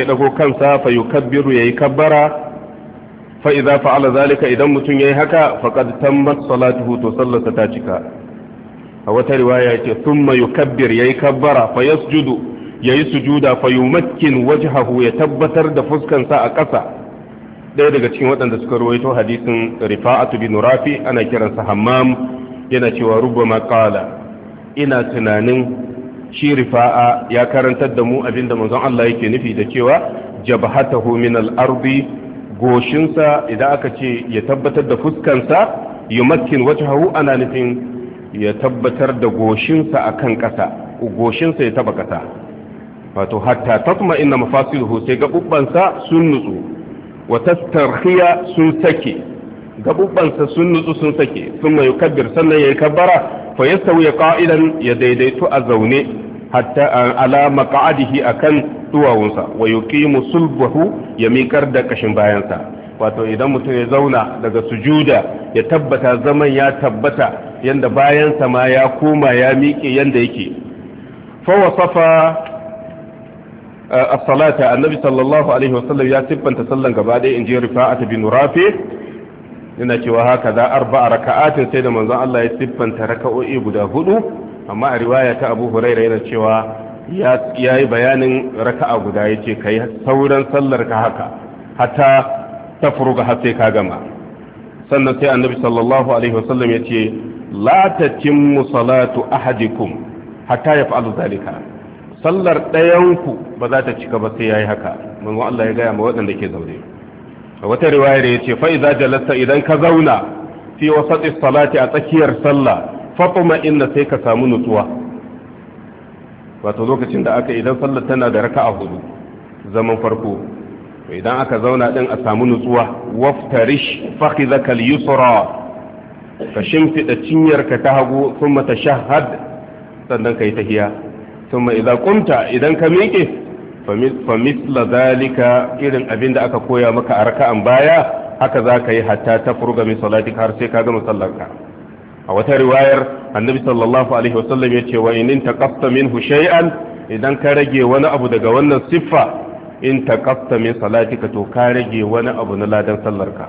ɗago kansa fa yukabbiru yayi kabbara fa idza fa'ala zalika idan mutum yayi haka faqad tammat salatuhu to sallarsa ta cika a wata riwaya yake thumma yukabbir yayi kabbara fa yasjudu yayi sujuda fa yumakkin wajhahu ya tabbatar da fuskansa a ƙasa ɗaya daga cikin waɗanda suka ruwaito hadisin rifa'atu bin rafi ana kiransa hammam yana cewa rubbama qala ina tunanin shi rifa'a ya karantar da mu abinda manzon Allah yake nufi da cewa jabhatahu min al-ardi goshinsa idan aka ce ya tabbatar da fuskansa wata hau ana nufin ya tabbatar da goshinsa a kan ƙasa goshinsa ya taba ƙasa wato hatta tatma ina mafasiluhu sai gabubbansa sun nutsu wata tastarkhiya sun sake gabubbansa sun nutsu sun sake sun mai kabbir sannan ya yayi kabbara fa sauya ƙa'idan ya daidaitu a zaune hatta ala maq'adihi akan duwawunsa wa yuqimu sulbahu ya miƙar da kashin bayansa wato idan mutum ya zauna daga sujuda ya tabbata zaman ya tabbata yanda bayansa ma ya koma ya miƙe yanda yake fa wasafa eh, as-salata annabi sallallahu alaihi wasallam ya siffanta sallan gaba ɗaya in ji rifa'at bin rafi yana cewa haka za arba'a raka'atin sai da manzon Allah ya siffanta raka'o'i guda hudu amma a riwaya ta abu huraira yana cewa ya yi bayanin raka'a guda ya ce ka yi sauran sallar ka haka hata ta furuga har sai ka gama sannan sai annabi sallallahu alaihi wasallam ya ce la ta salatu ahadikum hatta ya fa'alu zalika sallar ɗayanku ba za ta cika ba sai yayi haka manzo Allah ya gaya ma waɗanda ke zaune a wata riwaya da ya ce fa idza jalasta idan ka zauna fi wasati salati a tsakiyar sallah fatuma inna sai ka samu nutsuwa wato lokacin da aka idan sallar tana da raka'a hudu zaman farko idan aka zauna din a samu nutsuwa waftarish fakhidhaka al-yusra ka shimfida cinyarka ta hagu thumma shahad sannan kai tahiya kuma idza qumta idan ka miƙe fa zalika irin abin da aka koya maka a raka'an baya haka za ka yi hatta ta furga min salatika har sai ka gama sallarka a wata riwayar annabi sallallahu alaihi wasallam ya ce wa in taqatta minhu shay'an idan ka rage wani abu daga wannan siffa in taqatta min salatika to ka rage wani abu na ladan sallarka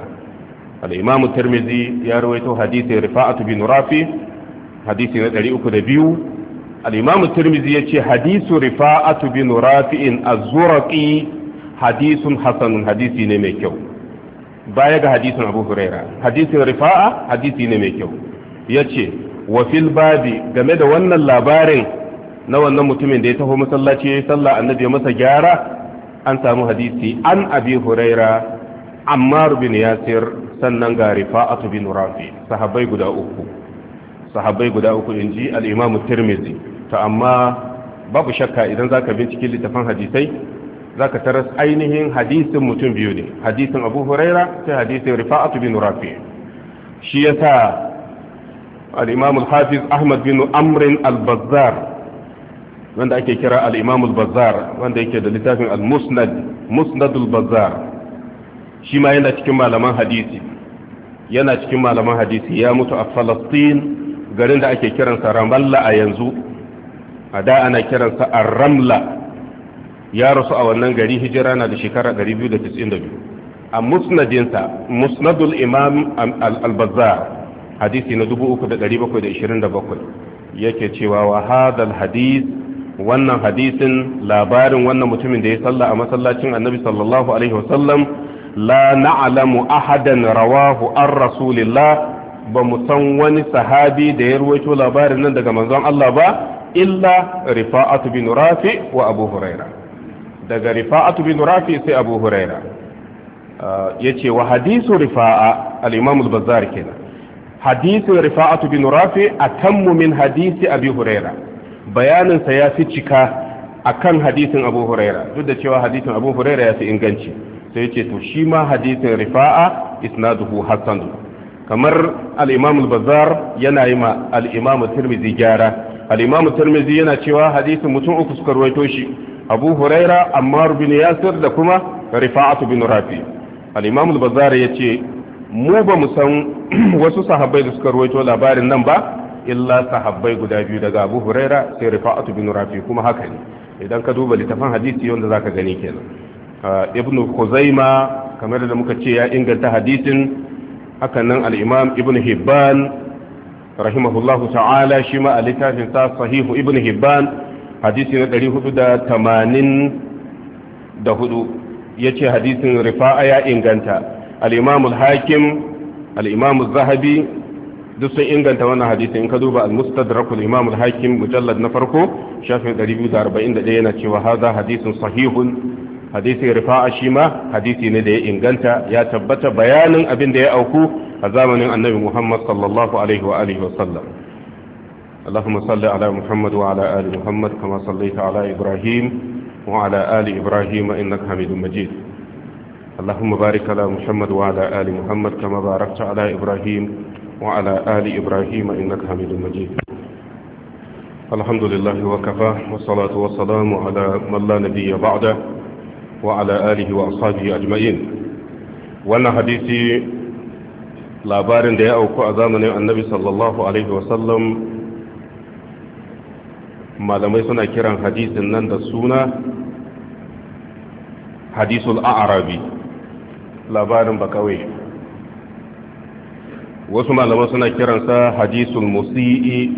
al-imam tirmidhi ya rawaito hadisi rifa'atu bin rafi hadisi na 302 al-imam tirmidhi yace hadisu rifa'atu bin rafi'in az-zurqi hadisun hasanun hadisi ne mai kyau baya ga hadisin abu huraira hadisin rifa'a hadisi ne mai kyau ya ce wa fil babi game da wannan labarin na wannan mutumin da ya taho masallaci ya yi sallah annabi ya masa gyara an samu hadisi an abi huraira ammar bin yasir sannan ga rifa'atu bin rafi sahabbai guda uku sahabbai guda uku inji al-imam tirmidhi to amma babu shakka idan zaka bincike littafin hadisai zaka taras ainihin hadisin mutum biyu ne hadisin abu huraira sai hadisin rifa'atu bin rafi shi yasa al'imamul hafiz ahmad bin amrin al-bazzar wanda ake kira al'imamul bazar bazzar wanda yake da littafin al-musnad musnad bazzar shi ma yana cikin malaman hadisi yana cikin malaman hadisi ya mutu a falastin garin da ake kiransa ramallah a yanzu a da ana kiransa aramla ramla ya rasu a wannan gari hijira na da shekara 292 a musnadinsa musnadul imam al-bazzar hadisi na 3727 yake cewa wa hadal hadis wannan hadisin labarin wannan mutumin da ya salla a masallacin annabi sallallahu alaihi wasallam la na'alamu ahadan rawahu an rasulillah ba mu san wani sahabi da ya ruwaito labarin nan daga manzon Allah ba illa rifa'atu bin rafi wa abu huraira daga rifa'atu bin rafi sai abu huraira ah, yace wa hadisu rifa'a al-imam al-bazzar kenan hadisin rifa'atu bin rafi a tammumin hadisi abi huraira bayanin sa ya fi cika akan hadisin abu huraira duk da cewa hadisin abu huraira ya fi inganci sai yace to shi ma hadisin rifa'a isnaduhu hasan kamar al-imam al-bazzar yana yi ma al-imam gyara al-imam yana cewa hadisin mutum uku suka ruwaito shi abu huraira ammar bin yasir da kuma rifa'atu bin rafi al-imam al-bazzar yace mu ba mu san wasu sahabbai da suka ruwaito labarin nan ba illa sahabbai guda biyu daga abu huraira sai rifa'atu bin rafi kuma haka ne idan ka duba littafin hadisi wanda zaka gani kenan ah, ibnu khuzaima kamar da muka ce ya inganta hadisin haka nan al-imam ibnu hibban rahimahullahu ta'ala shi ma a littafin sa sahihu ibnu hibban hadisi na 484 yace hadisin rifa'a ya inganta al-imam al-hakim al zahabi duk inganta wannan hadisi in ka duba al-mustadrak al hakim mujallad na farko shafin 241 yana cewa haza hadisin sahihun hadisi rifa'a shi ma hadisi ne da ya inganta ya tabbata bayanin abin da ya auku a zamanin annabi Muhammad sallallahu alaihi wa wa sallam اللهم صل على محمد وعلى آل محمد كما صليت على إبراهيم وعلى آل إبراهيم إنك حميد مجيد اللهم بارك على محمد وعلى آل محمد كما باركت على إبراهيم وعلى آل إبراهيم إنك حميد مجيد الحمد لله وكفى والصلاة والسلام على من لا نبي بعده وعلى آله وأصحابه أجمعين wannan hadisi labarin da ya auku a zamanin annabi sallallahu alaihi wasallam malamai suna kiran hadisin nan da suna hadisul a'arabi labarin bakawai wasu malaman suna kiransa hadisul musi'i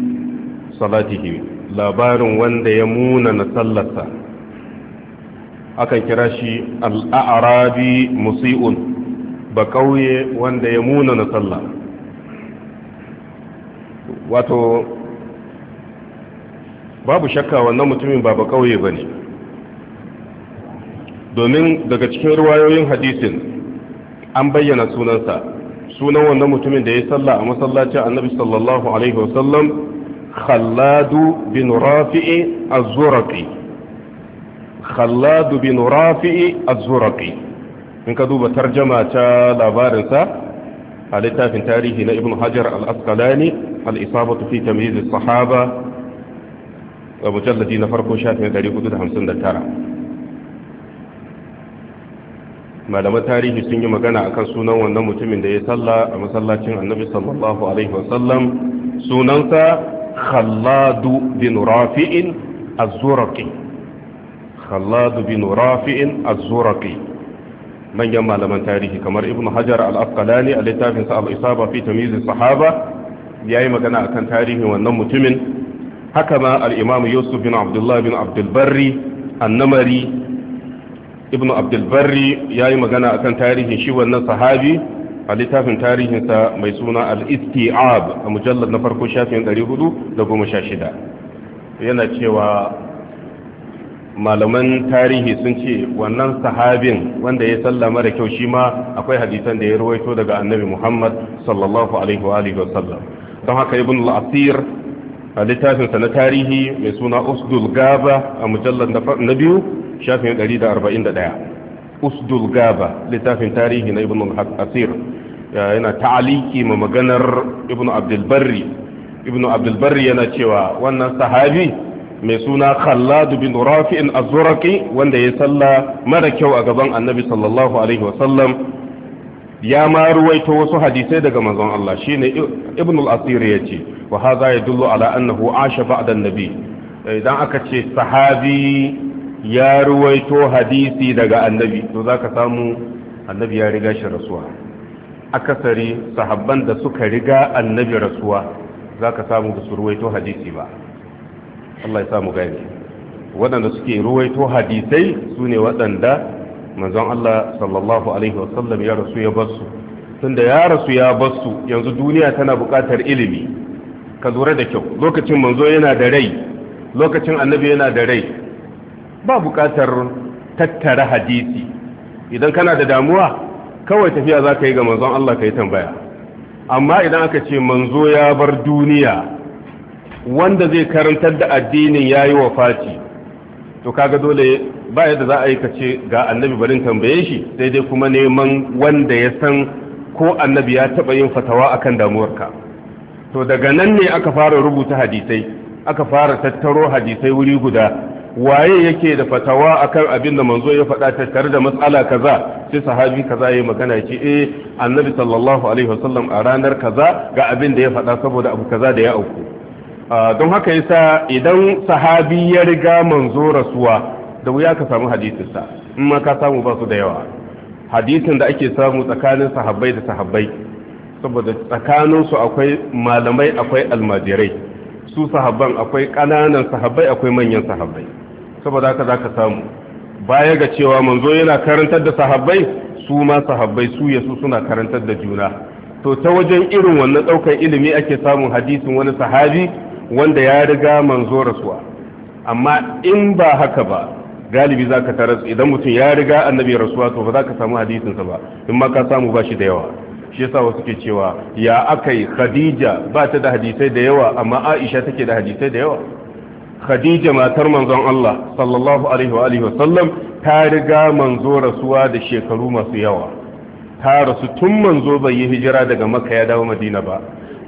salatihi labarin wanda ya muna na sallarsa akan kira shi al'arabi musi'un bakauye wanda ya muna na salla. wato babu shakka wannan mutumin ba bakauye ba ne domin daga cikin ruwayoyin hadisin an bayyana sunansa sunan wannan mutumin da ya sallah a masallacin annabi sallallahu alaihi wasallam khalladu bin rafi'i az-zuraqi khalladu bin rafi'i az-zuraqi in ka duba tarjama ta labarinsa a littafin tarihi na ibn hajar al-asqalani al-isabatu fi tamyiz as-sahaba a mujalladi na farko shafin 459 malaman tarihi sun yi magana akan sunan wannan mutumin da ya salla a masallacin annabi sallallahu alaihi wasallam sunansa khalladu bin rafi'in az-zuraqi khalladu bin rafi'in az-zuraqi manyan malaman tarihi kamar ibn hajar al-asqalani a littafin sa al-isaba fi tamyiz sahaba yayi magana akan tarihin wannan mutumin haka ma al-imam yusuf bin abdullah bin abdul barri annamari ibnu abdulbarri ya yi magana akan tarihin shi wannan sahabi a littafin tarihinsa mai suna al-istiab a mujallar na farko shafin 416 yana cewa malaman tarihi sun ce wannan sahabin wanda ya sallama da kyau shi ma akwai hadisan da ya ruwaito daga annabi muhammad sallallahu alaihi wa alihi wasallam don haka ibn al-asir a littafinsa na tarihi mai suna usdul gaba a mujallar na biyu shafin 141 usdul gaba littafin tarihi na ibn al-asir yana ta'aliki ma maganar ibn abdulbarri ibn abdulbarri yana cewa wannan sahabi mai suna khalladu bin rafi'in az wanda ya salla mara kyau a gaban annabi sallallahu alaihi sallam ya ma ruwaito wasu hadisai daga manzon Allah shine ibn al-asir yace wa hadha yadullu ala annahu asha ba'da an-nabi idan aka ce sahabi ya ruwaito hadisi daga annabi to za ka samu annabi ya riga shi rasuwa akasari sahabban da suka riga annabi rasuwa za ka samu da su ruwaito hadisi ba Allah ya samu gani waɗanda suke ruwaito hadisai su ne waɗanda manzon Allah sallallahu alaihi wasallam ya rasu ya basu tunda ya rasu ya basu yanzu duniya tana buƙatar ilimi ka lura da kyau lokacin manzo yana da rai lokacin annabi yana da rai ba buƙatar tattara hadisi idan kana da damuwa kawai tafiya za ka yi ga manzon Allah ka yi tambaya amma idan aka ce manzo ya bar duniya wanda zai karantar da addinin ya yi wa faci to kaga dole ba yadda za a yi ka ce ga annabi barin tambaye shi sai dai kuma neman wanda ya san ko annabi ya taɓa yin fatawa akan damuwarka to daga nan ne aka fara rubuta hadisai aka fara tattaro hadisai wuri guda waye yake da fatawa akan abin da manzo ya faɗa tattare da matsala kaza sai sahabi kaza yayi magana ce eh annabi sallallahu alaihi wasallam a ranar kaza ga abin da ya faɗa saboda abu kaza da ya auku ah, don haka yasa idan sahabi ya riga manzo rasuwa da wuya ka samu hadisin sa in ma ka samu ba su da yawa hadisin da ake samu tsakanin sahabbai da sahabbai saboda tsakaninsu akwai malamai akwai almajirai su sahabban akwai ƙananan sahabbai akwai manyan sahabbai saboda haka za ka samu baya ga cewa manzo yana karantar da sahabbai su ma sahabbai su yasu suna karantar da juna to ta wajen irin wannan ɗaukar ilimi ake samun hadisin wani sahabi wanda ya riga manzo rasuwa amma in ba haka ba galibi za ka taras idan mutum ya riga annabi rasuwa to ba za ka samu hadisinsa ba in ma ka samu ba shi da yawa shi yasa wasu ke cewa ya aka yi khadija ba ta da hadisai da yawa amma aisha take da hadisai da yawa khadija matar manzon Allah sallallahu alaihi wa alihi wasallam ta riga manzo rasuwa da shekaru masu yawa ta rasu tun manzo bai yi hijira daga makka ya dawo madina ba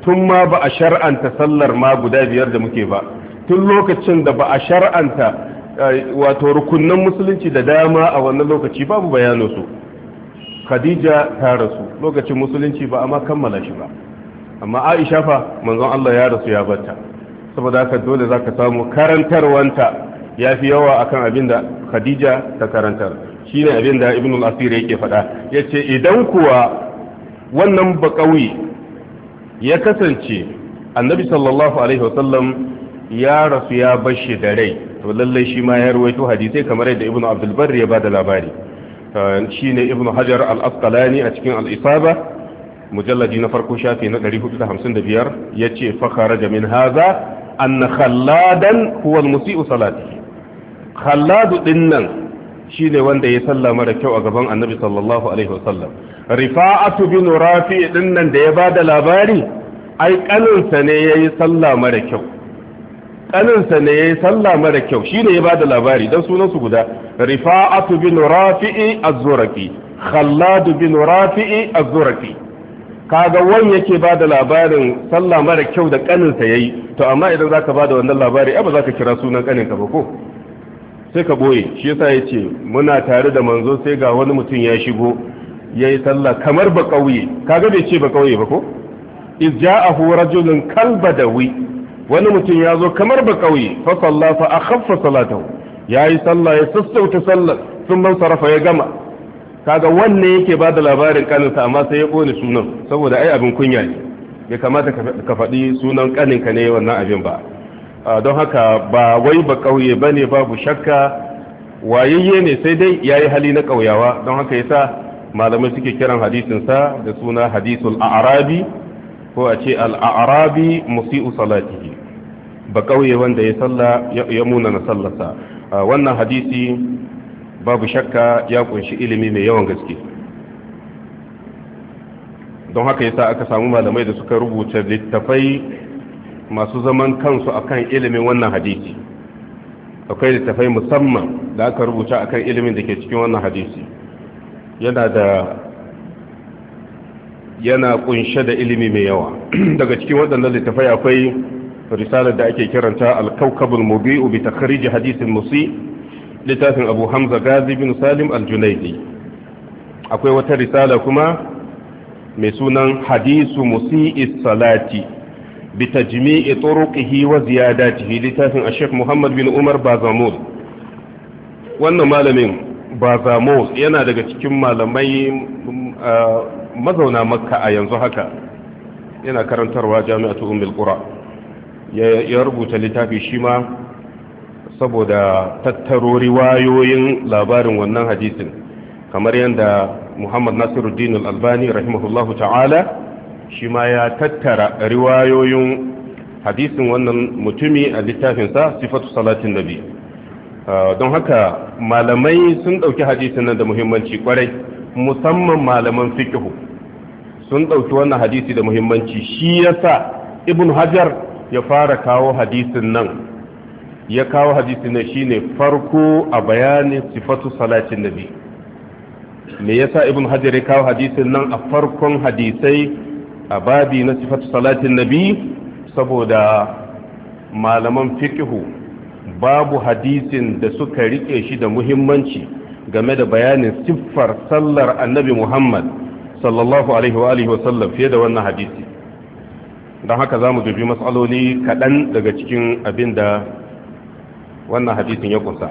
tun ma ba a shar'anta sallar ma guda biyar da muke ba tun lokacin da ba a shar'anta eh, wato rukunnan musulunci da dama a wannan lokaci babu bayano su khadija ta rasu lokacin musulunci ba a ma kammala shi ba amma aisha fa manzon Allah ya rasu ya bata saboda haka dole za ka samu karantarwanta ya fi yawa akan abin da khadija ta karantar shi ne abin da ibn al-asir yake faɗa ya ce idan kuwa wannan baƙawi ya kasance annabi sallallahu alaihi wasallam ya rasu ya bashi da rai to lallai shi ma ya ruwaito hadisai kamar yadda ibn abdul barr ya bada labari shi ne ibn hajar al-asqalani a cikin al-isaba mujalladi na farko shafi na 455 yace fa kharaja min hadha anna khalladan huwa al-musi'u salati khalladu ɗinnan shine wanda ya salla mara kyau a gaban annabi sallallahu alaihi wasallam rifa'atu bin rafi dinnan da ya bada labari ai kaninsa ne yayi salla mara kyau kaninsa ne yayi salla mara kyau shine ya bada labari dan sunansu guda rifa'atu bin rafii azurafi zurqi khalladu bin rafii az-zurqi kaga wani yake ba da labarin sallah mara kyau da kaninsa yayi to amma idan zaka ba da wannan labari ai ba zaka kira sunan kaninka ba ko sai ka boye shi yasa yace muna tare da manzo sai ga wani mutum ya shigo yayi sallah kamar ba kauye kaga bai ce ba kauye ba ko iz kalba rajulun kalbadawi wani mutum ya zo kamar ba kauye fa salla fa akhaffa salatahu yayi sallah ya sassauta sallar sun man sarafa ya gama kaga wanne yake ba da labarin sa amma sai ya kone sunan saboda ai abin kunya ne ya kamata ka faɗi sunan kanin ka ne wannan abin ba ah, don haka ba wai ba ƙauye ba ne babu shakka wayayye ne sai dai ya yi hali na ƙauyawa don haka yasa malamai suke kiran hadisinsa da suna hadisul arabi ko a ce al'arabi musi'u salatihi ba ƙauye wanda ya salla ya muna na sallarsa ah, wannan hadisi babu shakka ya kunshi ilimi mai yawan gaske don haka yasa aka samu malamai da suka rubuta littafai masu zaman kansu akan ilimin wannan hadisi akwai littafai musamman da aka rubuta akan ilimin da ke cikin wannan hadisi yana da yana kunshe da ilimi mai yawa daga cikin waɗannan littafai akwai risalar da ake kiranta al-kawkabul mubi'u bi takhrij hadisin musi littafin abu hamza gazi bin salim al aljunaidi akwai wata risala kuma mai sunan hadisu musi'is salati bi tajmi'i turuqihi wa ziyadatihi littafin ashek muhammad bin umar bazamul wannan malamin bazamul yana daga cikin malamai mazauna makka a yanzu haka yana karantarwa jami'atu ummul qura ya rubuta littafi shi ma saboda tattaro riwayoyin labarin wannan hadisin kamar yadda muhammad nasiruddin al-albani rahimahullahu ta'ala shi ma ya tattara riwayoyin hadisin wannan mutumi a littafinsa sifatu salatin nabi ah, don haka malamai sun ɗauki hadisin nan da muhimmanci kwarai musamman malaman fikihu sun ɗauki wannan hadisi da muhimmanci shi yasa ibn hajar ya fara kawo hadisin nan ya kawo hadisi na shine farko a bayanin sifatu salatin nabi me yasa ibn hajar ya kawo hadisin nan a farkon hadisai a babi na sifatu salatin nabi saboda malaman fikihu babu hadisin da suka rike shi da muhimmanci game da bayanin siffar sallar annabi muhammad sallallahu alaihi wa alihi wasallam fiye da wannan hadisi don haka za mu dubi matsaloli kaɗan daga cikin abin da wannan hadisin ya kunsa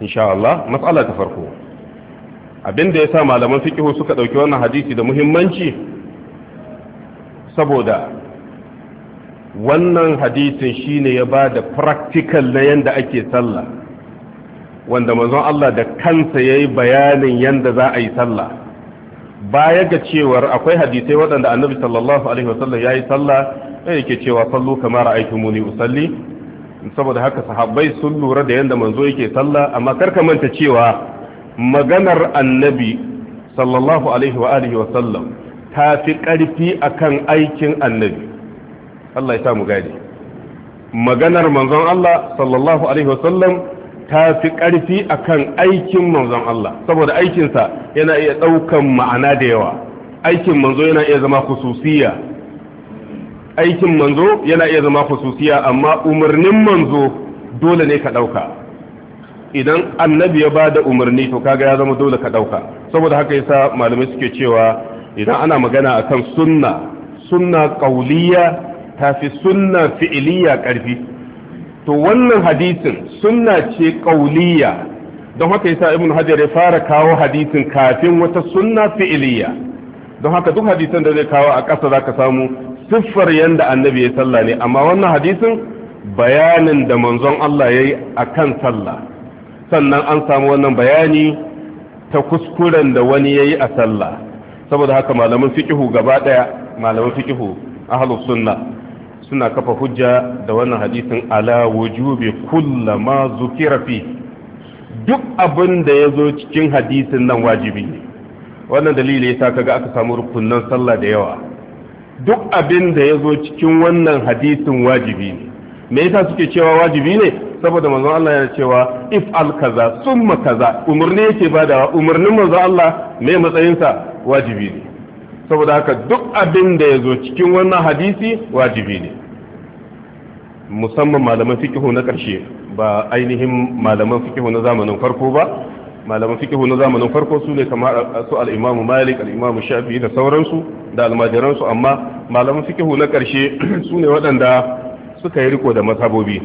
insha Allah matsala ta farko abinda ya sa malaman fikihu suka ɗauki wannan hadisi da muhimmanci saboda wannan hadisin shine ya ba da practical na yanda ake sallah wanda manzon Allah da kansa ya yi bayanin yanda za a yi sallah baya ga cewar akwai hadisai waɗanda annabi sallallahu alaihi wasallam ya yi sallah da yake cewa sallu kamar aikin muni usalli saboda haka sahabbai sun lura da yadda manzo yake sallah amma karka manta cewa maganar annabi sallallahu alaihi wa alihi wa sallam ta fi karfi akan aikin annabi Allah ya sa mu gane maganar manzon Allah sallallahu alaihi wa sallam ta fi karfi akan aikin manzon Allah saboda aikinsa yana iya ɗaukan ma'ana da yawa aikin manzo yana iya zama khususiyya aikin manzo yana iya zama fasusiya amma umarnin manzo dole ne ka ɗauka idan annabi ya ba da umarni to kaga ya zama dole ka ɗauka saboda haka yasa malamai suke cewa idan ana magana akan sunna sunna kauliya fi sunna fi'iliya ƙarfi to wannan hadisin sunna ce kauliya don haka yasa ibn hajar ya fara kawo hadisin kafin wata sunna fi'iliya don haka duk hadisin da zai kawo a ƙasa zaka samu siffar yadda annabi ya sallah ne amma wannan hadisin bayanin da manzon Allah ya yi a sallah sannan an samu wannan bayani ta kuskuren da wani ya yi a sallah saboda haka malaman fikihu gaba ɗaya malamin fikihu ahalus sunna suna kafa hujja da wannan hadisin ala wujubi kullama zukira fi duk abin da ya zo cikin hadisin nan wajibi ne wannan dalili ya sa kaga aka samu rukunnan sallah da yawa duk abin da ya zo cikin wannan hadisin wajibi ne me yasa suke cewa wajibi ne saboda manzo Allah yana cewa if al kaza summa kaza umarni yake badawa umarnin manzo Allah me sa wajibi ne saboda haka duk abin da ya zo cikin wannan hadisi wajibi ne musamman malaman fikihu na karshe ba ainihin malaman fikihu na zamanin farko ba malaman fikihu na zamanin farko su ne kamar su al'imamu malik al'imamu shafi da sauransu da almajiransu amma malaman fikihu na ƙarshe su ne waɗanda suka yi riko da masabobi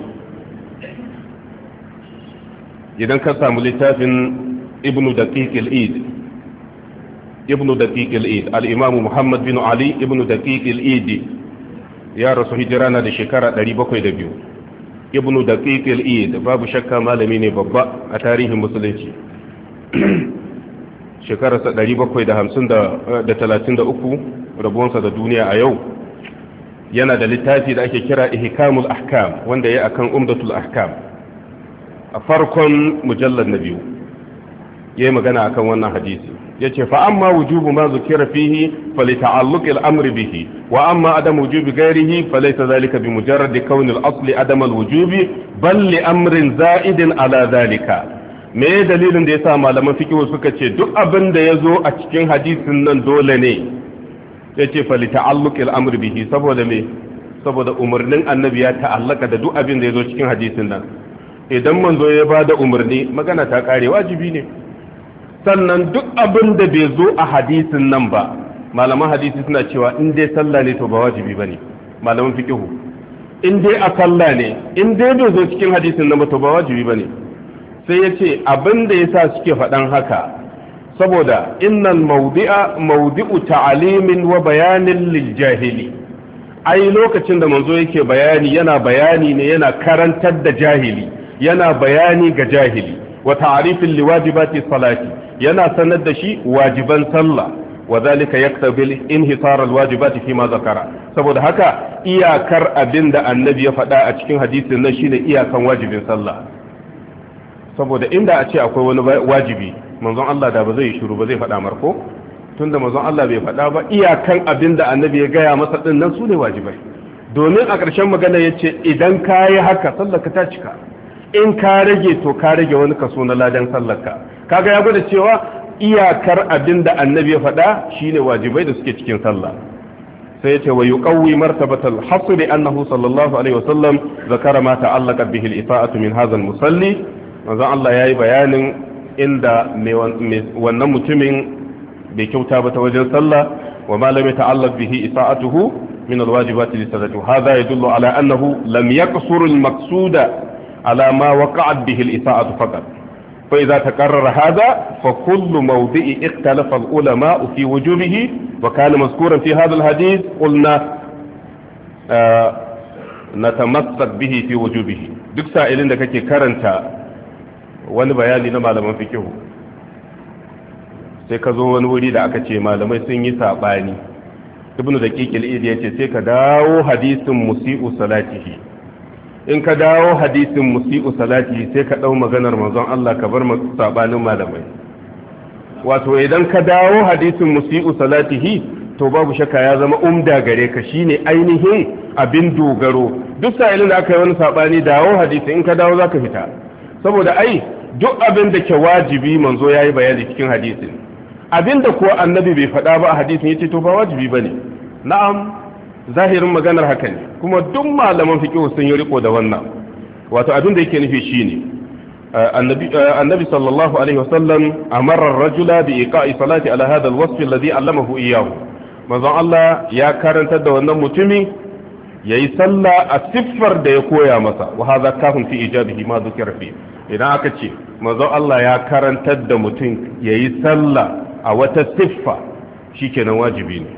idan ka samu littafin ibn daqiq al-eid ibn daqiq al-eid al imam muhammad bin ali ibn daqiq al-eid ya rasu hijira na da shekara 702 ibnu daqiq al-eid babu shakka malami ne babba a tarihin musulunci shekararsa 733 eh, rabuwansa da duniya a yau yana da littafi da ake kira ihikamul ahkam wanda ya akan umdatul ahkam a farkon mujallar na biyu ya yi magana akan wannan hadisi ya ce fa amma wujubu ma zukira fihi fali ta'alluq amri bihi wa amma adam wujubi ghairihi falaysa zalika bi mujarrad kawn al-asli adam al-wujubi balli amrin za'idin ala zalika me dalilin da ya sa malaman fikihu suka ce duk abin da ya zo a cikin hadisin nan dole ne Ya ce Fali ta'alluq al-amr bihi saboda me saboda umarnin annabi ya ta'allaka da duk abin da ya zo cikin hadisin nan idan manzo ya ba da umarni magana ta kare wajibi ne sannan duk abin da bai zo a hadisin nan ba malaman hadisi suna cewa in dai sallah ne to ba wajibi bane malaman fikihu in dai a sallah ne in dai bai zo cikin hadisin nan ba to ba wajibi bane sai ya ce abin da ya sa suke faɗan haka saboda innan maudi'a maudi'u ta'alimin wa bayanin liljahili ai lokacin da manzo yake bayani yana bayani ne yana karantar da jahili yana bayani ga jahili wa ta'rifin liwajibati salati yana sanar da shi wajiban sallah wa zalika yaktabi inhisar alwajibati fi ma zakara saboda haka iyakar abin da annabi ya faɗa a cikin hadisin nan shine iyakan wajibin sallah saboda inda a ce akwai wani wajibi manzon Allah da ba zai shiru ba zai faɗa marko tunda manzon Allah bai faɗa ba iyakan abin da annabi ya gaya masa din nan su ne wajibai domin a ƙarshen magana ya ce idan ka yi haka sallaka ta cika in ka rage to ka rage wani kaso na ladan sallaka kaga ya gwada cewa iyakar abin da annabi ya faɗa shine wajibai da suke cikin sallah sai ya ce wa yuqawwi martabatal hasri annahu sallallahu alaihi wasallam zakara ma ta'allaqa bihi al-ifa'atu min hadha al-musalli manzon Allah ya yi bayanin inda wannan mutumin bai kyauta ba ta wajen sallah wa malami ta'allaf bihi isa'atuhu min alwajibat li sadatu hadha yadullu ala annahu lam yaqsur almaqsuda ala ma waqa'at bihi alisa'atu faqat fa idza taqarrara hadha fa kullu mawdi'i ikhtalafa alulama fi wujubihi wa kana mazkuran fi hadha alhadith qulna uh, natamassak bihi fi wujubihi duk sa'ilin da kake karanta wani bayani na malaman fikihu sai ka zo wani wuri da aka ce malamai sun yi saɓani ibnu da kikil idi ya ce sai ka dawo hadisin musi'u salatihi in ka dawo hadisin musi'u salatihi sai ka ɗau maganar manzon Allah ka bar saɓanin malamai wato idan ka dawo hadisin musi'u salatihi to babu shakka ya zama umda gare ka shine ainihin abin dogaro duk sa'ilin da aka yi wani saɓani dawo hadisin in ka dawo za ka fita saboda ai duk abin da ke wajibi manzo ya yi bayani cikin hadisin abin da kuwa annabi bai faɗa ba a hadisin yace to ba wajibi bane na'am zahirin maganar haka ne kuma duk malaman fiqh sun yi riko da wannan wato abin da yake nufi shine eh, annabi eh, annabi sallallahu alaihi wasallam amara rajula bi iqa'i salati ala hadha al alladhi allamahu iyyahu manzon Allah ya karantar da wannan mutumin yayi sallah a siffar da ya koya masa wa hadha kafin fi ijabihi ma dhukira fi idan aka ce mazo Allah ya karantar da mutum ya yi sallah a wata siffa shikenan wajibi ne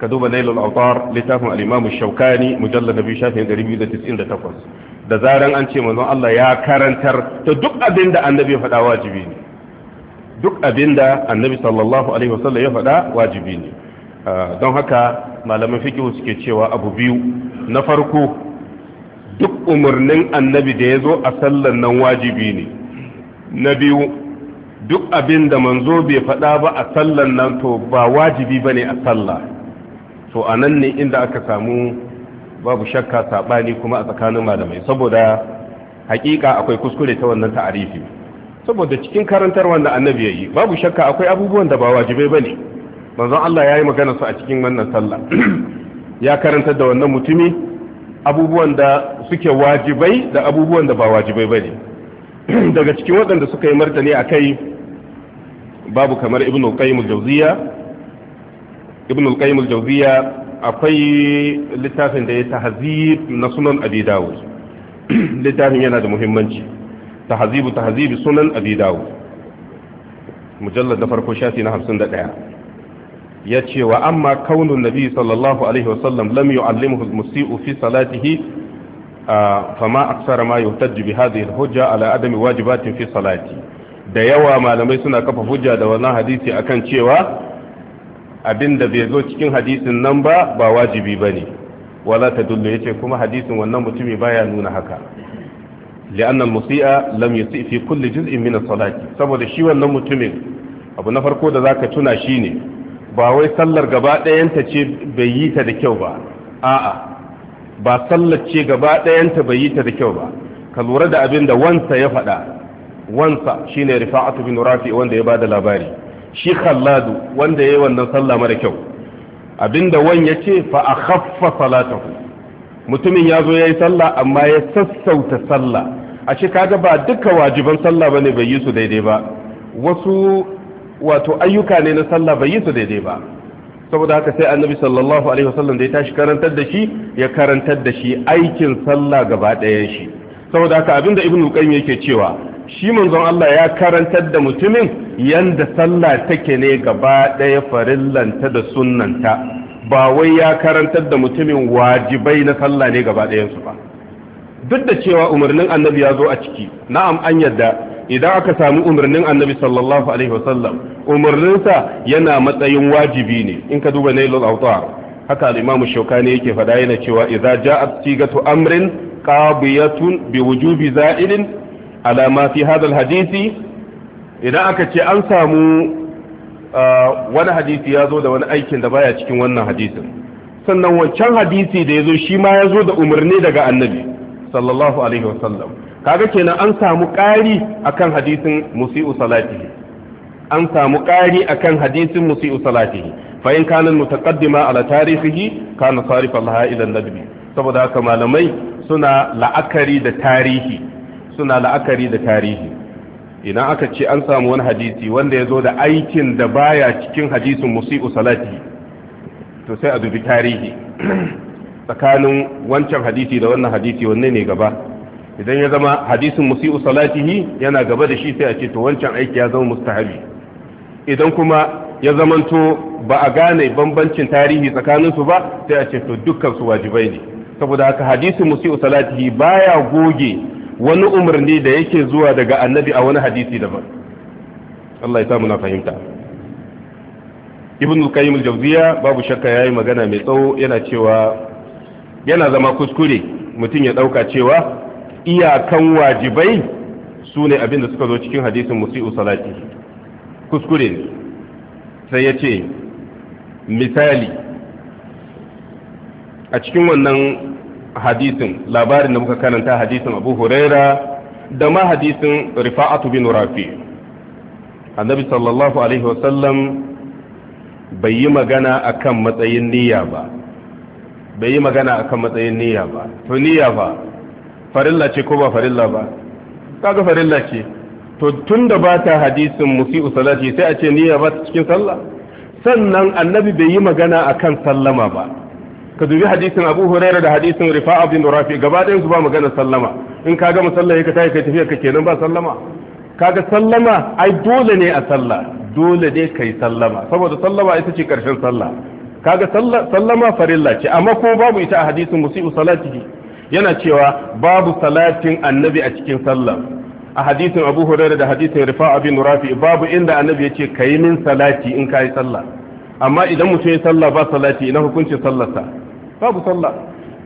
ka duba nailul autar littafin al-imam Mujalla mujallad nabi shafin 298 da zaran an ce mazo Allah ya karantar to duk abin da annabi ya faɗa wajibi ne duk abin da annabi sallallahu alaihi wasallam ya faɗa wajibi ne ah, don haka malaman fikihu suke cewa abu biyu na farko duk umarnin annabi da ya zo a sallan nan wajibi ne na biyu duk abin da manzo bai faɗa ba a sallan nan to ba wajibi ba ne a sallah to a nan ne inda aka samu babu shakka saɓani kuma a tsakanin malamai saboda hakika akwai kuskure ta wannan ta'arifi saboda cikin karantar wanda annabi ya yi babu shakka akwai abubuwan da ba wajibai ba ne manzon Allah ya yi magana su a cikin wannan sallah ya karantar da wannan mutumi abubuwan da suke wajibai da abubuwan da ba wajibai ba ne daga cikin waɗanda suka yi martani a kai babu kamar ibn al-qayyim ibn al-qayyim akwai littafin da ya tahzib na sunan abi dawud littafin yana da muhimmanci tahazibu tahazibi sunan abi dawud mujallad da farko shafi na hamsin da 51 yace wa amma kaunun nabi sallallahu alaihi wasallam lam yu'allimuhu al-musii'u fi salatihi fama aksara ma yuhtaju bi hadhihi al-hujja ala adami wajibatin fi salati da yawa malamai suna kafa hujja da wannan hadisi akan cewa abinda bai zo cikin hadisin nan ba ba wajibi ne. wala ya ce kuma hadisin wannan mutumi baya nuna haka لأن المسيء لم يسيء fi كل جزء من الصلاة saboda shi wannan mutumin abu na farko da zaka tuna shine ba wai sallar gaba ɗayanta ce bai yi ta da kyau ba a'a ba sallace gaba ɗayanta bai yi ta da kyau ba ka lura da abin da wansa ya faɗa wansa shine rifa'atu bin rafi wanda ya ba da labari shi khalladu wanda ya yi wannan sallah mara kyau Abin wani wan ce fa a akhaffa salatahu mutumin ya zo ya yi sallah amma ya sassauta sallah a ce kaga ba duka wajiban sallah bane bai yi su daidai ba wasu wato ayyuka ne na sallah bai yi su daidai ba saboda haka sai annabi sallallahu alaihi wasallam da ya tashi karantar da shi ya karantar da shi aikin sallah gaba ɗayan shi saboda haka abinda ibn qayyim yake cewa shi manzon Allah ya karantar da mutumin yanda sallah take ne gaba ɗaya farillanta da sunnanta ba wai ya karantar da mutumin wajibai na sallah ne gaba su ba duk da cewa umarnin annabi ya zo a ciki na'am an yadda idan aka samu umarnin annabi sallallahu alaihi wasallam umarninsa yana matsayin wajibi ne in ka duba nailul autar haka al-imam ne yake faɗa yana cewa idza ja'at sigatu amrin qadiyatun bi wujubi za'ilin ala ma fi hadha hadisi idan aka ce an samu uh, wani hadisi ya zo da wani aikin da baya cikin wannan hadisin sannan wancan hadisi da ya zo shi ma ya zo da umarni daga annabi sallallahu alaihi wasallam kaga kenan an samu ƙari akan hadisin musi'u salatihi an samu ƙari akan hadisin musi'u salatihi fa in kana mutaqaddima ala tarihihi kana sarifa laha ila nadbi saboda haka malamai suna la'akari da tarihi suna la'akari da tarihi idan aka ce an samu wani hadisi wanda ya zo da aikin da baya cikin hadisin musi'u salati to sai a dubi tarihi tsakanin wancan hadisi da wannan hadisi wanne ne gaba idan ya zama hadisin musi'u salatihi yana gaba da shi sai a ce to wancan aiki ya zama mustahabi idan kuma ya zamanto ba a gane bambancin tarihi tsakanin su ba sai a ce to dukkan su wajibai ne saboda haka hadisin musi'u salatihi baya goge wani umarni da yake zuwa daga annabi a wani hadisi daban Allah ya samu na fahimta ibn al-qayyim al-jawziya babu shakka yayi magana mai tsawo yana cewa yana zama kuskure mutum ya dauka cewa iyakan wajibai su ne abin da suka zo cikin hadisin musi'u salati kuskure ne sai ya ce misali a cikin wannan hadisin labarin da muka karanta hadisin abu huraira da ma hadisin rifa'atu bin rafi annabi sallallahu alaihi wasallam bai yi magana akan matsayin niyya ba bai yi magana akan matsayin niyya ba to niyya ba farilla ce ko ba farilla ba kaga farilla ce to tunda ba ta hadisin musi'u salati sai a ce niyya ba ta cikin sallah sannan annabi bai yi magana a kan sallama ba ka dubi hadisin Abu Hurairah da hadisin Rifa'a bin Rafi gaba ɗayan su ba magana sallama in kaga musalla ka tayi kai tafiya ka kenan ba sallama kaga sallama ai dole ne a sallah dole ne kai sallama saboda sallama ita ce karshen sallah kaga sallama farilla ce amma ko babu ita a hadisin musi'u salati yana cewa babu salatin annabi a cikin sallah a hadisin abu hurairah da hadisin rifa'a bin rafi babu inda annabi ya ka yi min salati in yi sallah amma idan mutum ya sallah ba salati ina hukuncin sallarsa babu sallah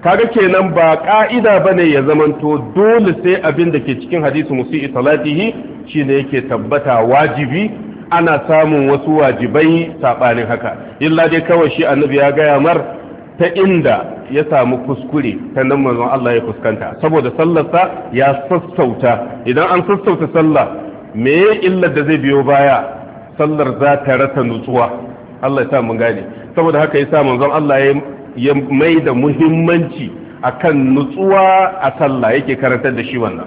kaga kenan ba ka'ida ba ne ya zamanto dole sai abin da ke cikin hadisi musi'i salatihi shine yake tabbata wajibi ana samun wasu wajibai saɓanin haka illa dai kawai shi annabi ya gaya mar ta inda ya samu kuskure ta nan manzon Allah ya fuskanta saboda sallarsa ya sassauta idan an sassauta sallah me illar da zai biyo baya sallar za ta rasa nutsuwa Allah ya sa mun gane saboda haka ya yasa manzon Allah ya mai da muhimmanci akan nutsuwa a sallah yake karantar da shi wannan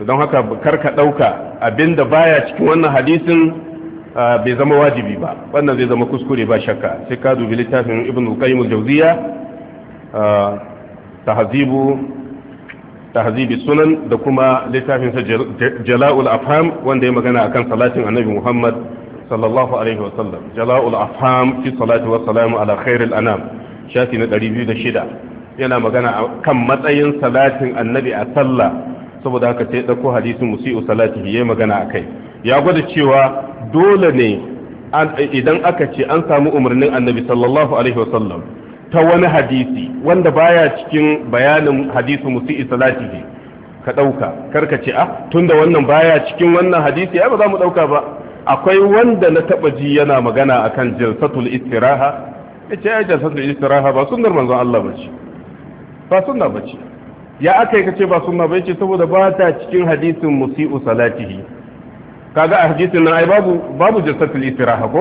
don haka karka ɗauka abinda baya cikin wannan hadisin bai zama wajibi ba wannan zai zama kuskure ba shakka sai ka dubi littafin ibn al-qayyim al-jawziya tahzibu tahzibi sunan da kuma littafin sa jala'ul afham wanda ya magana akan salatin annabi muhammad sallallahu alaihi wa sallam jala'ul afham fi salati wa salamu ala khairil anam shafi na 206 yana magana kan matsayin salatin annabi a sallah saboda haka sai dauko hadisin musi'u salatihi yayi magana akai ya gwada cewa dole ne idan aka ce an samu umarnin annabi sallallahu alaihi wasallam ta wani hadisi wanda baya cikin bayanin hadisu musi salatihi ka ɗauka karka ce a ah, tunda wannan baya cikin wannan hadisi ai ba za mu ɗauka ba akwai wanda na taɓa ji yana magana akan jalsatul istiraha ya ce ai jalsatul istiraha ba sunnar manzon Allah ba ce ba sunna ba ce ya aka yi kace ba sunna ba ce saboda ba ta cikin hadisin musi'u salatihi kaga a hadisin nan ai babu babu jasatul istiraha ko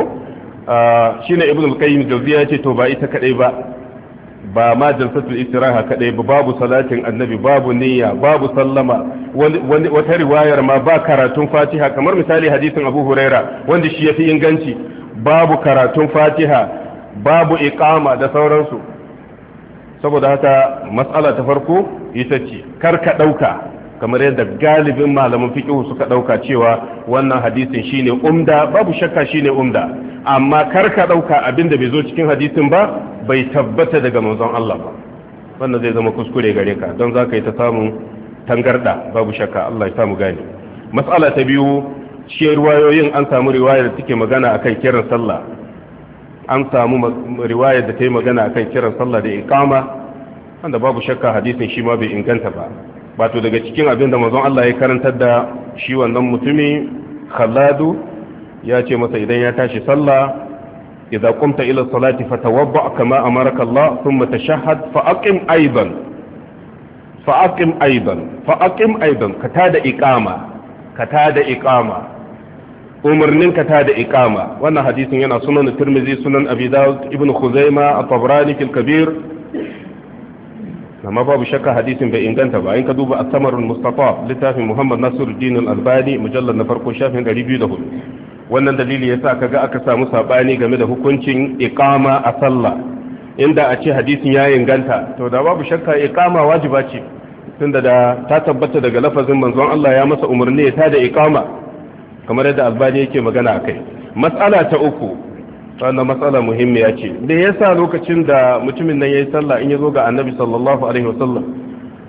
ah, shine ibn al-qayyim jawziya ce to ba ita kadai ba ba ma jalsatul istiraha kadai ba babu salatin annabi babu niyya babu sallama wata riwayar ma ba karatun fatiha kamar misali hadisin abu huraira wanda shi yafi inganci babu karatun fatiha babu iqama da sauransu saboda haka mas'ala ta farko ita ce kar ka ɗauka. kamar yadda galibin malaman fiqh suka dauka cewa wannan hadisin shine umda babu shakka shine umda amma kar ka dauka abinda bai zo cikin hadisin ba bai tabbata daga manzon Allah ba wannan zai zama kuskure gare ka don zaka yi ta samu tangarda babu shakka Allah ya samu gane mas'ala ta biyu cikin riwayoyin an samu riwaya da take magana akan kiran sallah an samu riwaya da ta yi magana akan kiran sallah da iqama wanda babu shakka hadisin shi ma bai inganta ba wato daga cikin abin da manzon Allah ya karantar da shi wannan mutumi Khaladu ya ce masa idan ya tashi sallah idza qumta ila salati fatawabba kama amaraka Allah thumma tashahhad fa aqim aidan fa aqim aidan fa aqim aidan ka tada iqama ka tada iqama umarnin ka tada iqama wannan hadisin yana sunan Tirmidhi sunan Abi Dawud ibn Khuzaimah at-Tabrani fil Kabir amma babu shakka hadisin bai inganta ba in ka duba asamarul mustafa littafin muhammad nasiruddin al-albani mujallar na farko shafin 204 wannan dalili yasa ga aka samu sabani game da hukuncin iqama a sallah inda a ce hadisin ya inganta to da babu shakka iqama wajiba ce tunda da ta tabbata daga lafazin manzon Allah ya masa umarni ya tada iqama kamar yadda albani yake magana akai mas'ala ta uku wannan matsala muhimmiya ce da sa lokacin da mutumin nan ya yi sallah in ya zo ga annabi sallallahu alaihi wasallam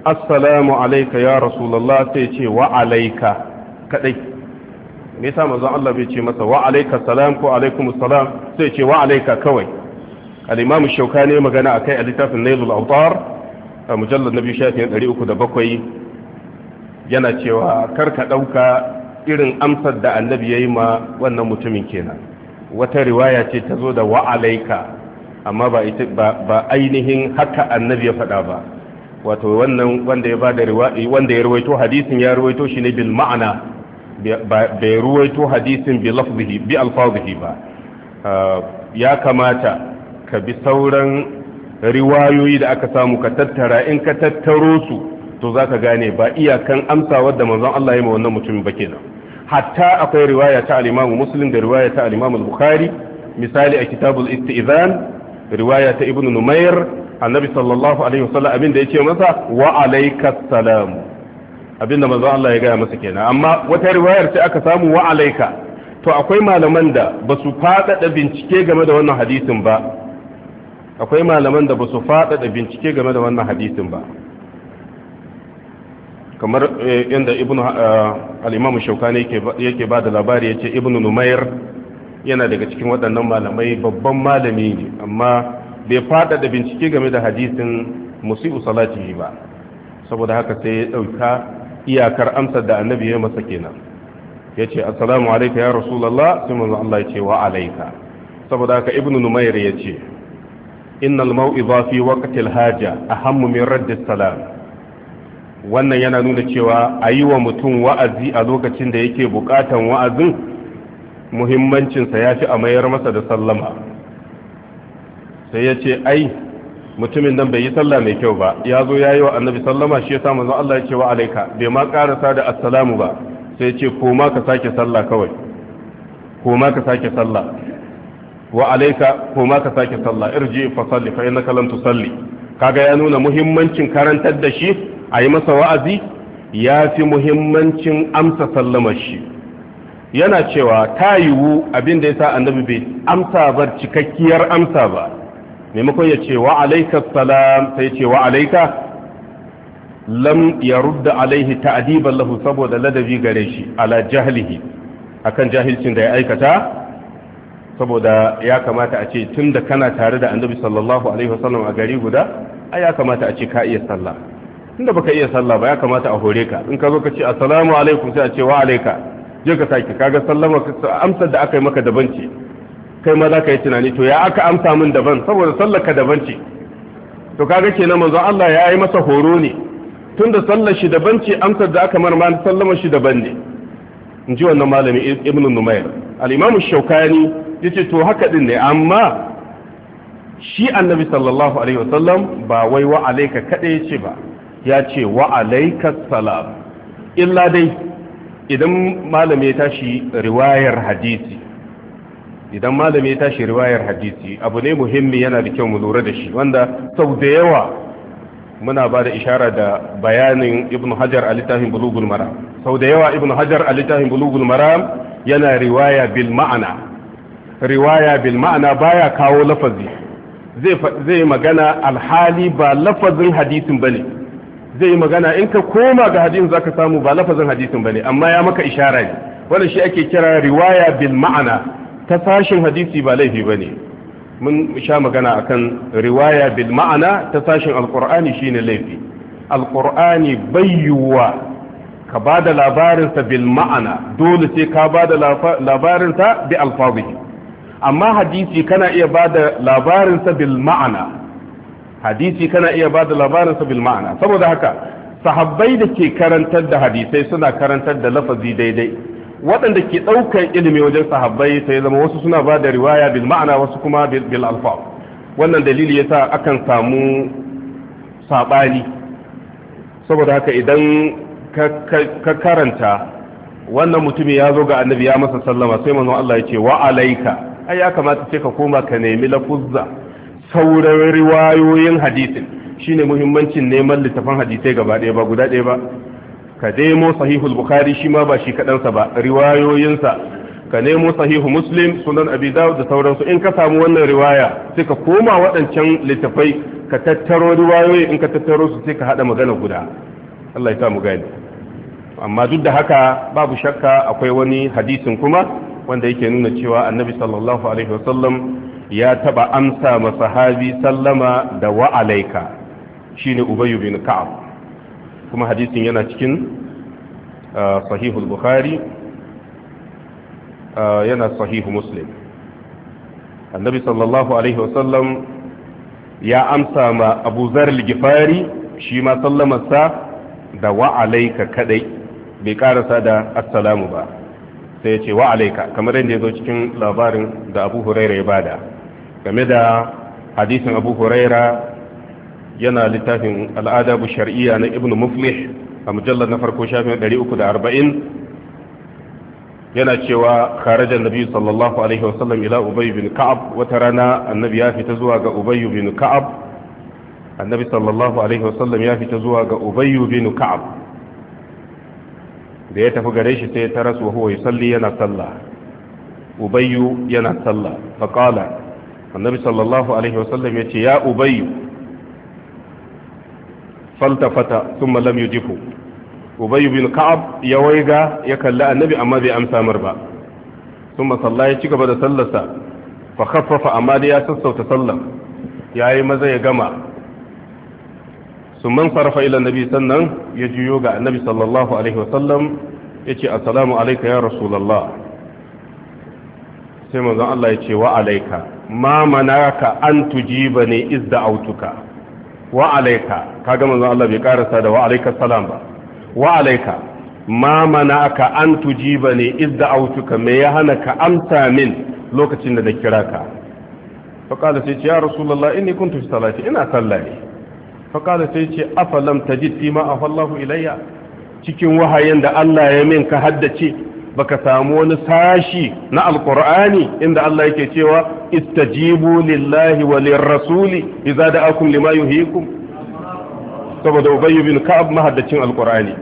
assalamu alayka ya rasulallah sai ce wa alayka kadai me yasa manzon Allah bai ce masa wa alayka salam ko alaikumus salam sai ce wa alayka kawai al-imam shaukani magana akai a littafin nailul awtar a mujallad nabi shafi 307 yana cewa karka dauka irin amsar da annabi yayi ma wannan mutumin kenan wata riwaya ce ta zo da wa'alaika amma ba ainihin haka annabi ya faɗa ba wato wannan wanda ya ba da wanda ya ruwaito hadisin ya ruwaito shi ne bil ma'ana bai ruwaito hadisin bi lafzihi bi alfazihi ba ah, ya kamata ka bi sauran riwayoyi da aka samu ka tattara in ka tattaro su to zaka gane ba iyakan amsa wadda manzon Allah ya ma wannan mutumin ba kenan hatta akwai riwaya ta al-Imam Muslim da riwaya ta al Bukhari misali a kitabul istizan riwaya ta Ibn Numair annabi sallallahu alaihi wasallam abin da yake masa wa alaikas salam abin da manzon Allah ya gaya masa kenan amma wata riwayar ce aka samu wa alaika to akwai malaman da ba su faɗaɗa bincike game da wannan hadisin ba akwai malaman da ba su faɗaɗa bincike game da wannan hadisin ba kamar eh, yadda ibn eh, al’imam shauka shaukani yake ba da labari ya ce ibn numayar yana daga cikin waɗannan malamai babban malami ne amma bai fada da bincike game da hadisin musu salati ba saboda haka sai ya ɗauka iyakar amsar da annabi ya masa kenan ya ce assalamu alaika ya rasulallah sai manzo Allah ya ce wa alaika saboda haka ibn numayar ya ce innal mau'iza fi waqtil haja ahammu min raddi salam wannan yana nuna cewa a yi wa mutum wa'azi a lokacin da yake bukatan wa'azin muhimmancinsa ya fi a mayar masa da sallama sai ya ce ai mutumin nan bai yi sallah mai kyau ba ya zo ya yi wa annabi sallama shi ya samu zan Allah ya ce wa alaika bai ma karasa da assalamu ba sai ya ce ko ma ka sake sallah kawai ko ma ka sake sallah wa alaika ko ma ka sake sallah irji fa salli fa innaka lam tusalli kaga ya nuna muhimmancin karantar da shi a yi masa wa'azi ya fi muhimmancin amsa sallamar shi yana cewa ta yiwu abin da ya sa annabi bai amsa ba cikakkiyar amsa ba maimakon ya ce wa alaika salam sai ce wa alaika lam ya rudda alaihi ta'adiban lahu saboda ladabi gare shi ala a akan jahilcin da ya aikata saboda ya kamata a ce tun da kana tare da annabi sallallahu alaihi wasallam a gari guda a ya kamata a ce ka iya sallah tunda baka iya sallah ba ya kamata a hore ka in ka zo ka ce assalamu alaikum sai a ce wa alaika je ka sake kaga sallama ka amsar da aka yi maka daban ce kai ma za ka yi tunani to ya aka amsa min daban saboda sallar ka daban ce to kaga kenan manzo Allah ya yi masa horo ne tunda sallar shi daban ce amsar da aka marma sallama shi daban ne in ji wannan malami ibn numayr al-imam shaukani yace to haka din ne amma shi annabi sallallahu alaihi wasallam ba wai wa alayka kada yace ba ya ce wa alaikas salam illa dai idan malami ya tashi riwayar hadisi idan malami ya tashi riwayar hadisi abu ne muhimmi yana da kyau mu lura da shi wanda sau da yawa muna ba da ishara da bayanin ibn hajar a littafin bulugul maram sau da yawa ibn hajar a littafin bulugul maram yana riwaya bil ma'ana riwaya bil ma'ana baya kawo lafazi zai magana alhali ba lafazin hadisin bane zai yi magana in ka koma ga hadisin zaka samu ba lafazin hadisin bane amma ya maka ishara ne wanda shi ake kira riwaya bil ma'ana ta sashin hadisi ba laifi bane mun sha magana akan riwaya bil ma'ana ta sashin alqur'ani shine laifi alqur'ani bayyuwa ka ba da labarinsa bil ma'ana dole sai ka ba da labarinsa bi alfazihi amma hadisi kana iya ba da labarinsa bil ma'ana hadisi kana iya ba da labarinsa bil ma'ana saboda haka sahabbai da ke karantar da hadisai suna karantar da lafazi daidai waɗanda ke ɗaukar ilimi wajen sahabbai sai zama wasu suna ba da riwaya bil ma'ana wasu kuma bil alfa wannan dalili yasa akan samu saɓani saboda haka idan ka karanta wannan mutumin ya zo ga annabi ya masa sallama sai manzon Allah ya ce wa alaika ai ya kamata ce ka koma ka nemi lafuzza sauran riwayoyin hadisin shine muhimmancin neman littafan hadisai gaba ɗaya ba guda ɗaya ba ka nemo sahihul bukhari shi ma ba shi kaɗansa ba riwayoyinsa ka nemo sahihu muslim sunan abi dawud da sauransu in ka samu wannan riwaya sai ka koma waɗancan littafai ka tattaro riwayoyi in ka tattaro su sai ka haɗa magana guda Allah ya mu gani amma duk da haka babu shakka akwai wani hadisin kuma wanda yake nuna cewa annabi sallallahu alaihi wasallam ya taba amsa ma sahabi sallama da wa shine ubay bin ka'ab kuma hadisin yana cikin uh, sahihul bukhari uh, yana sahihu muslim annabi sallallahu alaihi wasallam ya amsa ma abu zar gifari shi ma sallamarsa da wa kaɗai, kadai bai karasa da assalamu ba sai ya ce wa kamar yadda ya zo cikin labarin da abu huraira ya bada game da hadisin abu huraira yana littafin al'adabu shari'a na ibn muflih a mujallar na farko shafin 340 yana cewa kharaja nabi sallallahu alaihi wasallam ila ubay bin ka'ab wata rana annabi ya fita zuwa ga ubay bin ka'ab annabi sallallahu alaihi wasallam ya fita zuwa ga ubay bin ka'ab da ya tafi gare shi sai ya taras wa huwa yusalli yana sallah ubayyu yana sallah faqala annabi sallallahu alaihi wasallam ya ce ya ubayyu faltafata sun lam yujifu ubayyu bin ka'ab ya waiga ya kalli annabi amma bai amsa mar ba sun masalla ya ci gaba da sallarsa fa khaffafa amma dai ya sassauta sallar ya yi maza ya gama sun man sarrafa ila nabi sannan ya juyo ga annabi sallallahu alaihi wasallam ya ce assalamu alaika ya rasulallah sai Allah ya ce wa ma manaka an tujiba ne da autuka wa alaika kaga manzon Allah bai karasa da wa alaika salam ba wa alaika ma manaka an tujiba ne da autuka me ya hana ka amsa min lokacin da na kira ka fa kala sai ce ya rasulullah inni kuntu fi salati ina sallah ne fa kala sai ce afalam tajid fi ma afallahu ilayya cikin wahayin da Allah ya min ka haddace baka samu wani sashi na alkur'ani inda Allah yake cewa istajibu lillahi wa lirrasuli idza da'akum lima yuhyikum saboda ubay bin ka'ab mahaddacin alqur'ani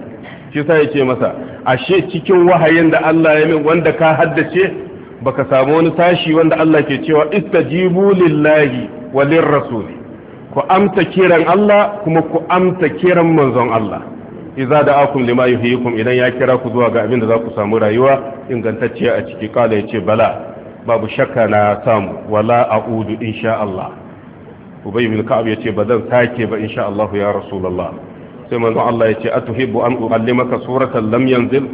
shi sai yace masa ashe cikin wahayin da Allah ya min wanda ka haddace baka samu wani sashi wanda Allah ke cewa istajibu lillahi wa lirrasuli ku amsa kiran Allah kuma ku amsa kiran manzon Allah Iza da da'akum lima yuhyikum idan ya kira ku zuwa ga abin da za ku samu rayuwa ingantacciya a ciki kala ce bala babu shakka na samu wala a udu insha Allah ubay ibn ka'ab yace ba zan sake ba insha Allah ya rasulullah sai manzo Allah ya ce atuhibbu an uallimaka suratan lam yanzil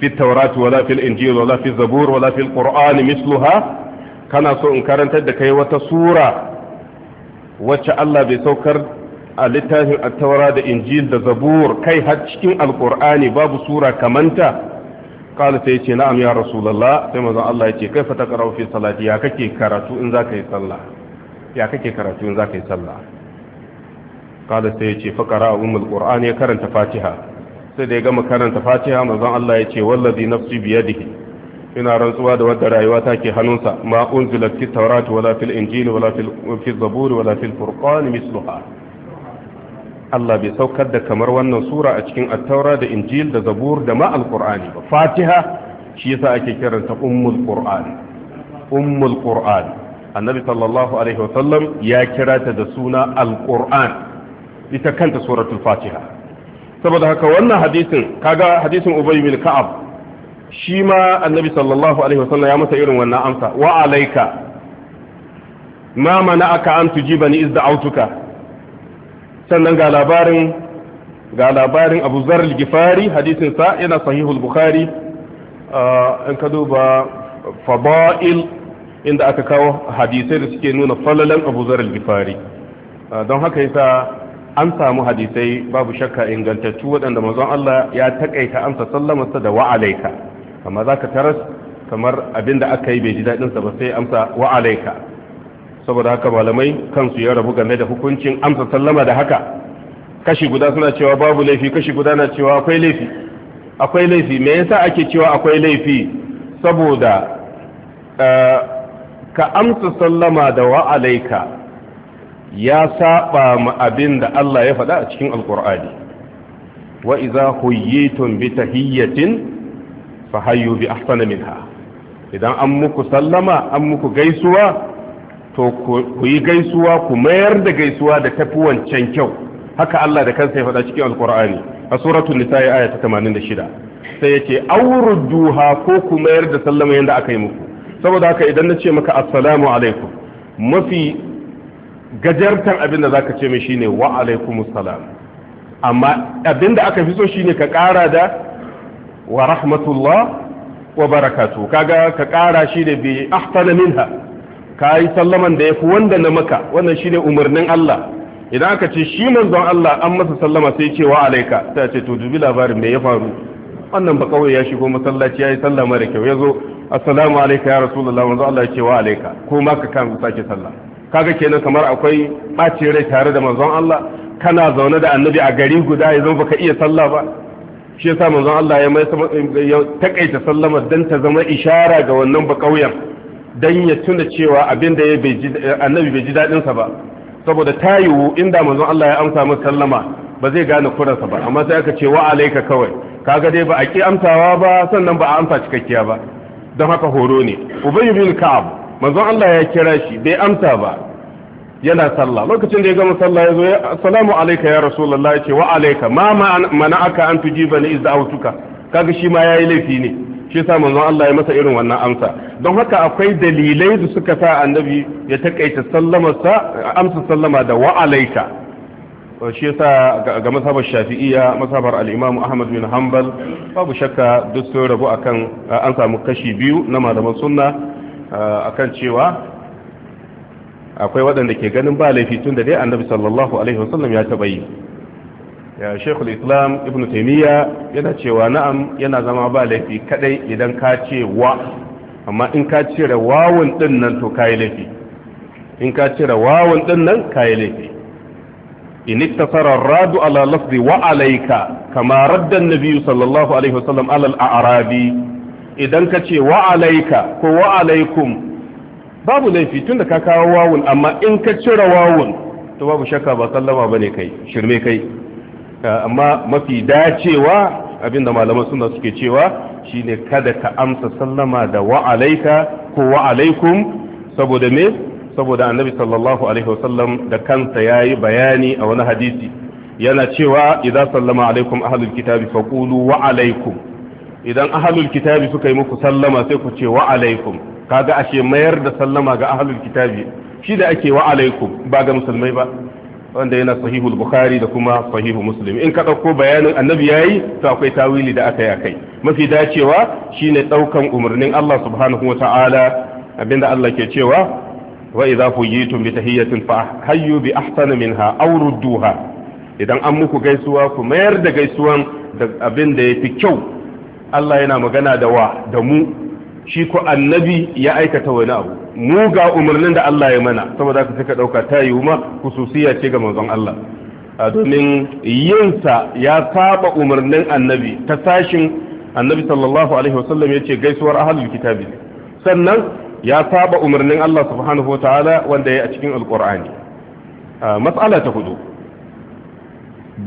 fi at-taurat wala fil injil wala fi zabur wala fil qur'an misluha kana so in karantar da kai wata sura wacce Allah bai saukar a littafin attaura da injil da zabur kai har cikin alkur'ani babu sura kamanta kala sai ce na'am ya rasulullah sai manzon Allah ya ce kai ta qara'u fi salati ya kake karatu in zaka yi sallah ya kake karatu in zaka yi sallah kala sai ya ce fa qara'a ummul qur'an ya karanta fatiha sai da ya gama karanta fatiha manzon Allah ya ce wallazi nafsi biyadihi ina rantsuwa da wadda rayuwa take hannunsa ma unzilat fit tawrat wala fil injil wala fil zabur wala fil furqan misluha Allah bai saukar da kamar wannan sura a cikin attaura da injil da zabur da ma ba fatiha shi yasa ake kiranta ummul qur'an ummul qur'an annabi sallallahu alaihi sallam ya kira ta da suna alqur'an ita kanta suratul fatiha saboda haka wannan hadisin kaga hadisin ubay bin ka'ab shi ma annabi sallallahu alaihi sallam ya masa irin wannan amsa wa alayka ma mana'aka an tujibani iz da'awtuka sannan ga labarin ga labarin abu zar gifari hadisin sa yana sahihul bukhari ah, in ka duba fada'il inda aka kawo hadisai da suke nuna falalan abu zar gifari ah, don haka yasa an samu hadisai babu shakka ingantattu waɗanda manzon Allah ya takaita amsa sallamarsa da wa'alaika amma zaka taras kamar abinda aka yi bai ji daɗinsa ba sai amsa wa'alaika saboda haka malamai kansu ya rabu game da hukuncin amsa sallama da haka kashi guda suna cewa babu laifi kashi guda na cewa akwai laifi akwai laifi me yasa ake cewa akwai laifi saboda eh, ka amsa sallama da wa alaika ya saba ma abin da Allah ya faɗa a cikin alkur'ani wa iza huyyitum bi tahiyyatin fa hayyu bi ahsana minha idan an muku sallama an muku gaisuwa to ku yi gaisuwa ku mayar da gaisuwa da tafi wancan kyau haka Allah da kansa ya faɗa cikin alkur'ani a suratul nisa ya aya ta 86 sai yace awrudduha ko ku mayar da sallama yanda aka yi muku saboda haka idan na ce maka assalamu alaikum mafi gajartan abin da zaka ce mai shine wa alaikumus amma abin da aka fi so shine ka ƙara da wa rahmatullah wa barakatuh kaga ka ƙara shi da bi ahsana minha ka yi sallaman da ya fi wanda na maka wannan shi ne umarnin Allah idan aka ce shi manzon Allah an masa sallama sai cewa wa alaika ta ce to dubi labarin me ya faru wannan ba kawai ya shigo masallaci ya yi sallama da kyau ya zo assalamu alaika ya rasulullah manzon Allah ya ce wa alaika ko ma ka kan sake sallah kaga kenan kamar akwai ɓace rai tare da manzon Allah kana zaune da annabi a gari guda ya zama baka iya sallah ba shi yasa manzon Allah ya mai ya takaita sallama dan ta zama ishara ga wannan ba kauyen dan ya tuna cewa abin da annabi bai ji daɗinsa ba saboda ta yiwu inda manzon Allah ya amsa masa sallama ba zai gane kuransa ba amma sai aka ce wa alaika kawai kaga dai ba a ki amsawa ba sannan ba a amsa cikakkiya ba don haka horo ne ubayy bin ka'ab manzon Allah ya kira shi bai amsa ba yana sallah lokacin da ya gama sallah ya zo assalamu alayka ya rasulullah ya ce wa alayka ma aka an tujiba ni izda'utuka kaga shi ma yayi laifi ne shi sa manzon Allah ya masa irin wannan amsa don haka akwai dalilai da suka sa annabi ya takaita sallamarsa amsa sallama da wa alaika shi yasa ga masabar shafi'iyya masabar al-imam ahmad bin hanbal babu shakka duk sun rabu akan an samu kashi biyu na malaman sunna akan cewa akwai waɗanda ke ganin ba laifi tun da dai annabi sallallahu alaihi wasallam ya taɓa yi ya shekul islam ibn taimiyya yana cewa na'am yana zama ba laifi kadai idan ka ce wa amma in ka cire wawun din nan to kayi laifi in ka cire wawun din nan kayi laifi in iktasara radu ala lafzi wa alayka kama radda nabi sallallahu alaihi wasallam ala al-arabi idan ka ce wa alayka ko wa alaykum babu laifi tunda ka kawo wawun amma in ka cire wawun to babu shakka ba sallama bane kai shirme kai Eh, amma mafi dacewa abinda malaman suna suke cewa shine kada ka amsa sallama da wa ko wa saboda me saboda annabi sallallahu alaihi wasallam da kansa yayi bayani a wani hadisi yana cewa idan sallama alaikum ahlul kitabi faqulu wa alaikum idan ahlul kitabi suka yi muku sallama sai ku ce wa alaikum kaga ashe mayar da sallama ga ahlul kitabi shi da ake wa alaikum ba ga musulmai ba wanda yana sahihul bukhari da kuma sahihu muslim in ka ɗauko bayanin annabi yayi to akwai tawili da aka yi kai mafi dacewa shine ɗaukan umarnin Allah subhanahu wa ta'ala abinda Allah ke cewa wa idza fuyitum bi tahiyatin fa hayyu bi ahsana minha aw rudduha idan an muku gaisuwa ku mayar da gaisuwan da abin da yafi kyau Allah yana magana da wa da mu shi ko annabi ya aikata wani abu mu ga umarnin da Allah ya mana saboda ka suka dauka ta yi ma hususiya ce ga manzon Allah domin yinsa ya saba umarnin annabi ta sashin annabi sallallahu alaihi wasallam ya ce gaisuwar ahalul kitabi sannan ya saba umarnin Allah subhanahu wataala wanda ya a cikin alqur'ani mas'ala ta hudu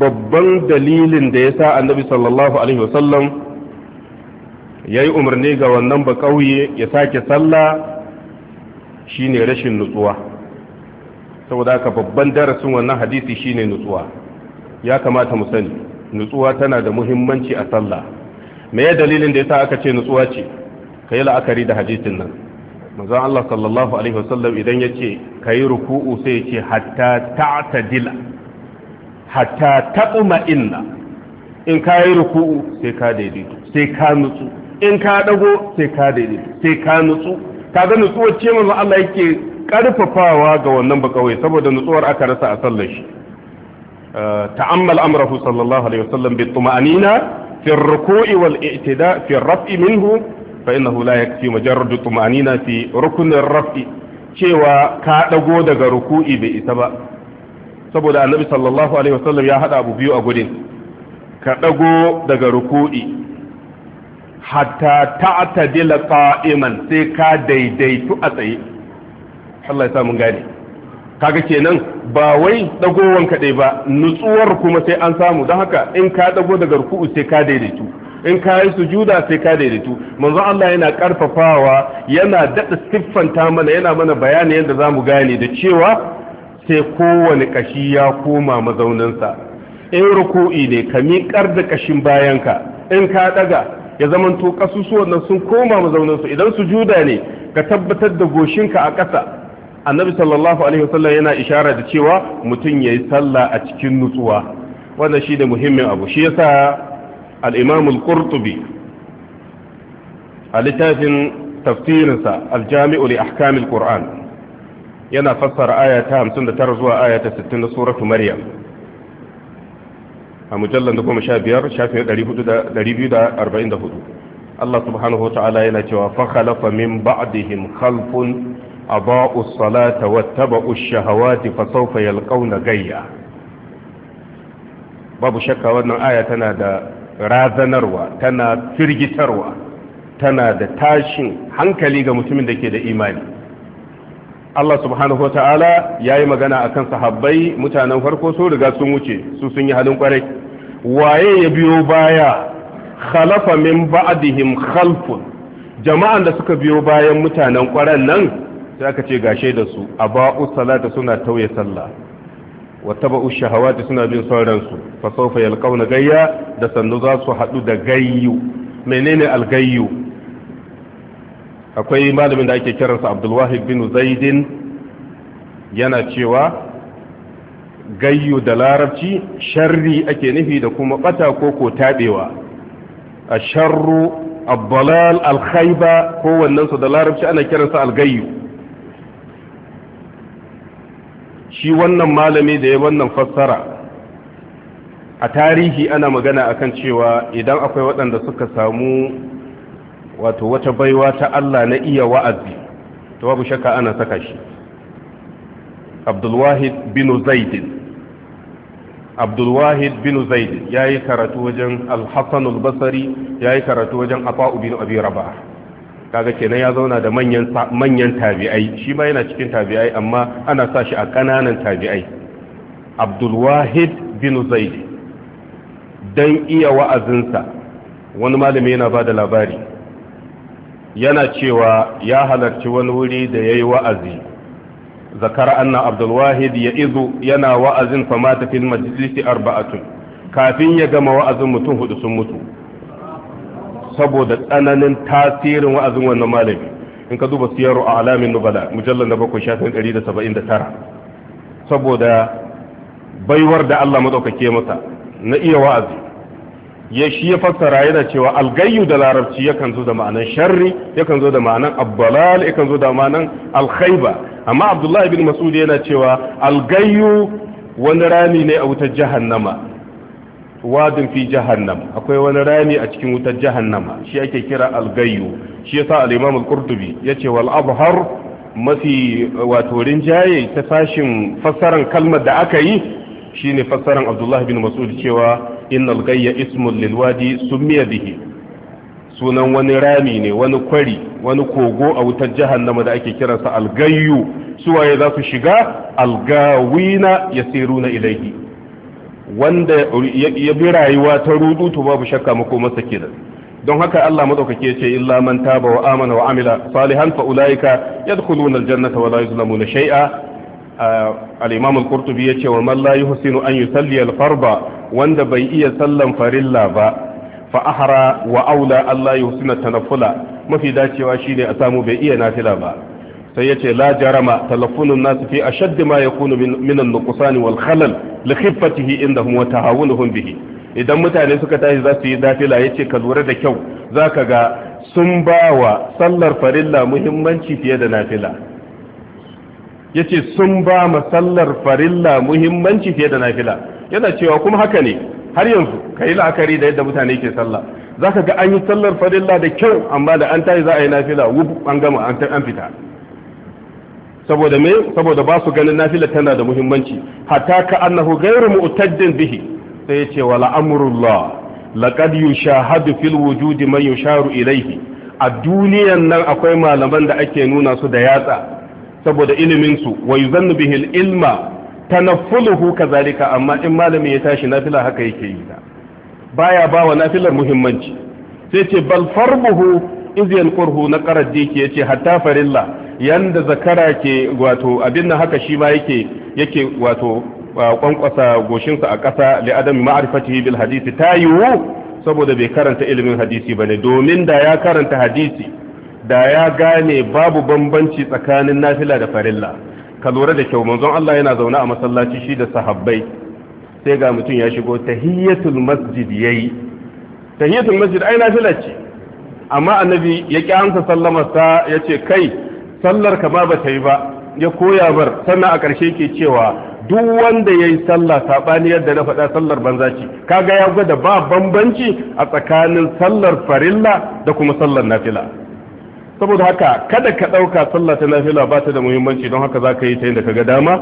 babban dalilin da ya sa annabi sallallahu alaihi wasallam ya yi umarni ga wannan ba ƙauye ya sake sallah shine rashin nutsuwa saboda haka babban darasin wannan hadisi shine nutsuwa ya kamata mu sani nutsuwa tana da muhimmanci a sallah me ya dalilin da yasa aka ce nutsuwa ce ka yi la'akari da hadisin nan manzon Allah sallallahu alaihi wasallam idan yace yi ruku'u sai yace hatta ta'tadila hatta taquma inna in yi ruku'u sai ka daidaito sai ka nutsu in ka dago sai ka daidai sai ka nutsu ka ga nutsuwar ce manzo Allah yake karfafawa ga wannan bakawai saboda nutsuwar aka rasa a sallar shi eh, ta'ammal amrahu sallallahu alaihi wasallam bi tuma'anina fi ar-ruku'i wal i'tida fi ar-raf'i minhu fa innahu la yakfi mujarrad tuma'anina fi rukn rafi cewa ka dago daga ruku'i bai isa ba saboda annabi sallallahu alaihi wasallam ya hada abu biyu a gudin ka dago daga ruku'i hatta ta'tadila qa'iman sai ka daidaitu a tsaye Allah ya sa mun gane kaga kenan ba wai dagowan dai ba nutsuwar kuma sai an samu don haka in ka dago daga ruku'u sai ka daidaitu in ka yi sujuda sai ka daidaitu manzo Allah yana karfafawa yana dada siffanta mana yana mana bayani yadda zamu gane da cewa sai kowane kashi ya koma mazauninsa in ruku'i ne ka miƙar da kashin bayanka in ka daga ya zamanto kasusuwan nan sun koma mazaunin su idan sujuda ne ka tabbatar da goshinka a ƙasa annabi sallallahu alaihi wasallam yana ishara da cewa mutum yayi sallah a cikin nutsuwa wannan shi da muhimmin abu shi yasa al-imam al-qurtubi a littafin tafsirinsa al-jami'u li ahkam al-qur'an yana fassara aya ta 59 zuwa aya ta 60 na suratu maryam a mujallar da kuma sha biyar shafin ɗari biyu da arba'in da hudu Allah subhanahu wa ta'ala yana cewa fakhalafa min ba'dihim khalfun aba'u salata wattaba'u shahawati fa sawfa yalqawna gayya babu shakka wannan aya tana da razanarwa tana firgitarwa tana da tashin hankali ga mutumin da ke da imani Allah subhanahu wata'ala ya yi magana a kan sahabbai mutanen farko sun riga sun wuce su sun yi halin kwarai waye ya biyo baya khalafa min ba'dihim khalfun jama'an da suka biyo bayan mutanen kwaran nan sai aka ce gashe da su aba'u salata suna tauye sallah wa taba'u shahawati suna bin sauran su fa sawfa yalqawna gayya da sannu za su hadu da gayyu menene algayyu akwai malamin da ake kiransa Abdul Wahid bin Zaidin yana cewa gayyu da larabci sharri ake nufi da kuma bata ko ko tabewa a sharru abbalal alkhaiba ko wannan da larabci ana kiransa algayyu shi wannan malami da ya wannan fassara a tarihi ana magana akan cewa idan akwai waɗanda suka samu wato wata baiwa ta Allah na iya wa'azi to babu shakka ana saka shi abdulwahid bin zaidin abdulwahid bin zaidin ya yi karatu wajen alhassan albasari ya yi karatu wajen afa'u bin abi raba kaga kenan ya zauna da manyan tabi'ai shi ma yana cikin tabi'ai amma ana sa shi a ƙananan tabi'ai abdulwahid bin zaidin don iya wa'azinsa wani malami yana ba da labari yana cewa ya halarci wani wuri da ya yi wa'azi zakara anna abdul ya izu yana wa'azin fa mata fil majlisi arba'atun kafin ya gama wa'azin mutum hudu sun mutu saboda tsananin tasirin wa'azin wannan malami in ka duba siyaru a alamin nubala mujallar na bakwai ɗari da saba'in da tara saboda baiwar da Allah maɗaukake masa na iya wa'azi ya shi ya fassara yana cewa algayyu da larabci yakan zo da ma'anan sharri yakan zo da ma'anan abbalal yakan zo da ma'anan alkhaiba amma abdullahi bin mas'ud yana cewa algayyu wani rami ne a wutar jahannama wadin fi jahannam akwai wani rami a cikin wutar jahannama shi ake kira algayyu shi yasa al-imam al-qurtubi yace wal abhar mafi wato rinjaye ta fashin fassaran kalmar da aka yi shine fassaran abdullahi bin mas'ud cewa innal gayya ismun lil wadi sumiya bihi sunan wani rami ne wani kwari wani kogo a wutar jahannama da ake kiransa algayyu su waye za su shiga algawina yasiruna ilaihi wanda ya bi rayuwa ta rudu to babu shakka mako masa kenan don haka Allah madaukake ya ce illa man taba wa amana wa amila salihan fa ulaika yadkhuluna aljannata wa la yuzlamuna shay'a al-imam al-qurtubi ya ce wa man la yuhsinu an yusalli al-farba wanda bai iya sallan farilla ba fa wa aula Allah yusna tanafula mafi dacewa shine a samu bai iya nafila ba sai yace la jarama talaffunun nas fi ashadd ma yakunu min an-nuqsan wal khalal li khiffatihi indahum wa tahawunuhum bihi idan mutane suka tashi za su yi nafila yace ka lura da kyau zaka ga sun wa sallar farilla muhimmanci fiye da nafila yace sun ba ma sallar farilla muhimmanci fiye da nafila yana cewa kuma haka ne har yanzu ka yi la'akari da yadda mutane ke sallah za ka ga an yi sallar farilla da kyau amma da an tayi za a yi nafila wuf an gama an fita saboda me saboda ba su ganin nafila tana da muhimmanci hatta ka annahu ghayru mu'taddin bihi sai ya ce wala amrullah laqad yushahadu fil wujudi man yusharu ilayhi a duniyan nan akwai malaman da ake nuna su da yatsa saboda ilimin su wa yuzannu ilma tanaffuluhu kazalika amma in malami ya tashi nafila haka yake yi da baya ba wa nafilar muhimmanci sai ce bal farbuhu iz yanqurhu na qaraddi yace hatta farilla yanda zakara ke wato abin nan haka shi ma yake yake wato kwankwasa goshinsa a ƙasa li adam ma'rifatihi bil hadisi ta yiwu saboda bai karanta ilimin hadisi bane domin da ya karanta hadisi da ya gane babu bambanci tsakanin nafila da farilla ka lura da kyau manzon Allah yana zaune a masallaci shi da sahabbai sai ga mutum ya shigo tahiyyatul masjid yayi tahiyyatul masjid ai nafila amma annabi ya ki amsa sallamar sa yace kai sallar ka ma bata yi ba ya koya bar sannan a ƙarshe ke cewa duk wanda yayi sallah sabani yadda na faɗa sallar banza ce kaga ya gwada ba bambanci a tsakanin sallar farilla da kuma sallar nafila saboda haka kada ka ɗauka sallah ta nafila ba ta da muhimmanci don haka za ka yi ta yadda ka ga dama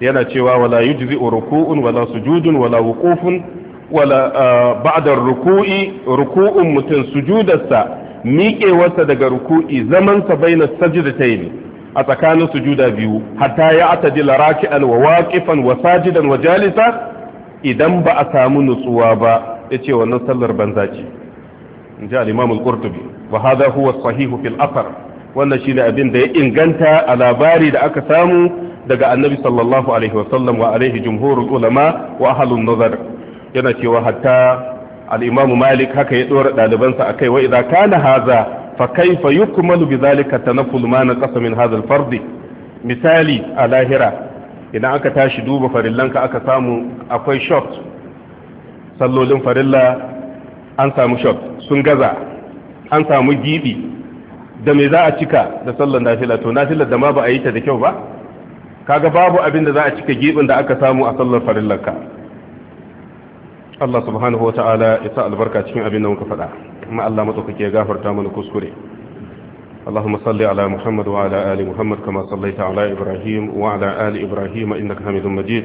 yana cewa wala yujzi ruku'un wala sujudun wala wuqufun wala ba'da ruku'i ruku'un mutum sujudarsa miƙewarsa daga ruku'i zamansa baina sajdatayn a tsakanin sujuda biyu hatta ya atadila raki'an wa waqifan wa sajidan wa jalisa idan ba a samu nutsuwa ba yace wannan sallar banza ce in ji al-imam qurtubi wa hadha huwa sahihu fil athar wannan shine abin da ya inganta a labari da aka samu daga annabi sallallahu alaihi wa wa alaihi jumhurul ulama wa ahlun nazar yana cewa hatta al-imam malik haka ya dora dalibansa akai wa idza kana haza fa kaifa yukmalu bidhalika tanafful ma naqasa min hadha al-fard misali a lahira idan aka tashi duba farillanka aka samu akwai shot sallolin farilla an samu shot sun gaza an samu gibi da me za a cika da sallar nafila to nafilar da ma ba a yi ta da kyau ba kaga babu abin da za a cika gibin da aka samu a sallar farillarka Allah subhanahu wa ta'ala ya sa albarka cikin abin da muka faɗa amma Allah matsaukake ya gafarta mana kuskure اللهم صل على محمد وعلى آل محمد كما صليت على إبراهيم وعلى آل إبراهيم إنك حميد مجيد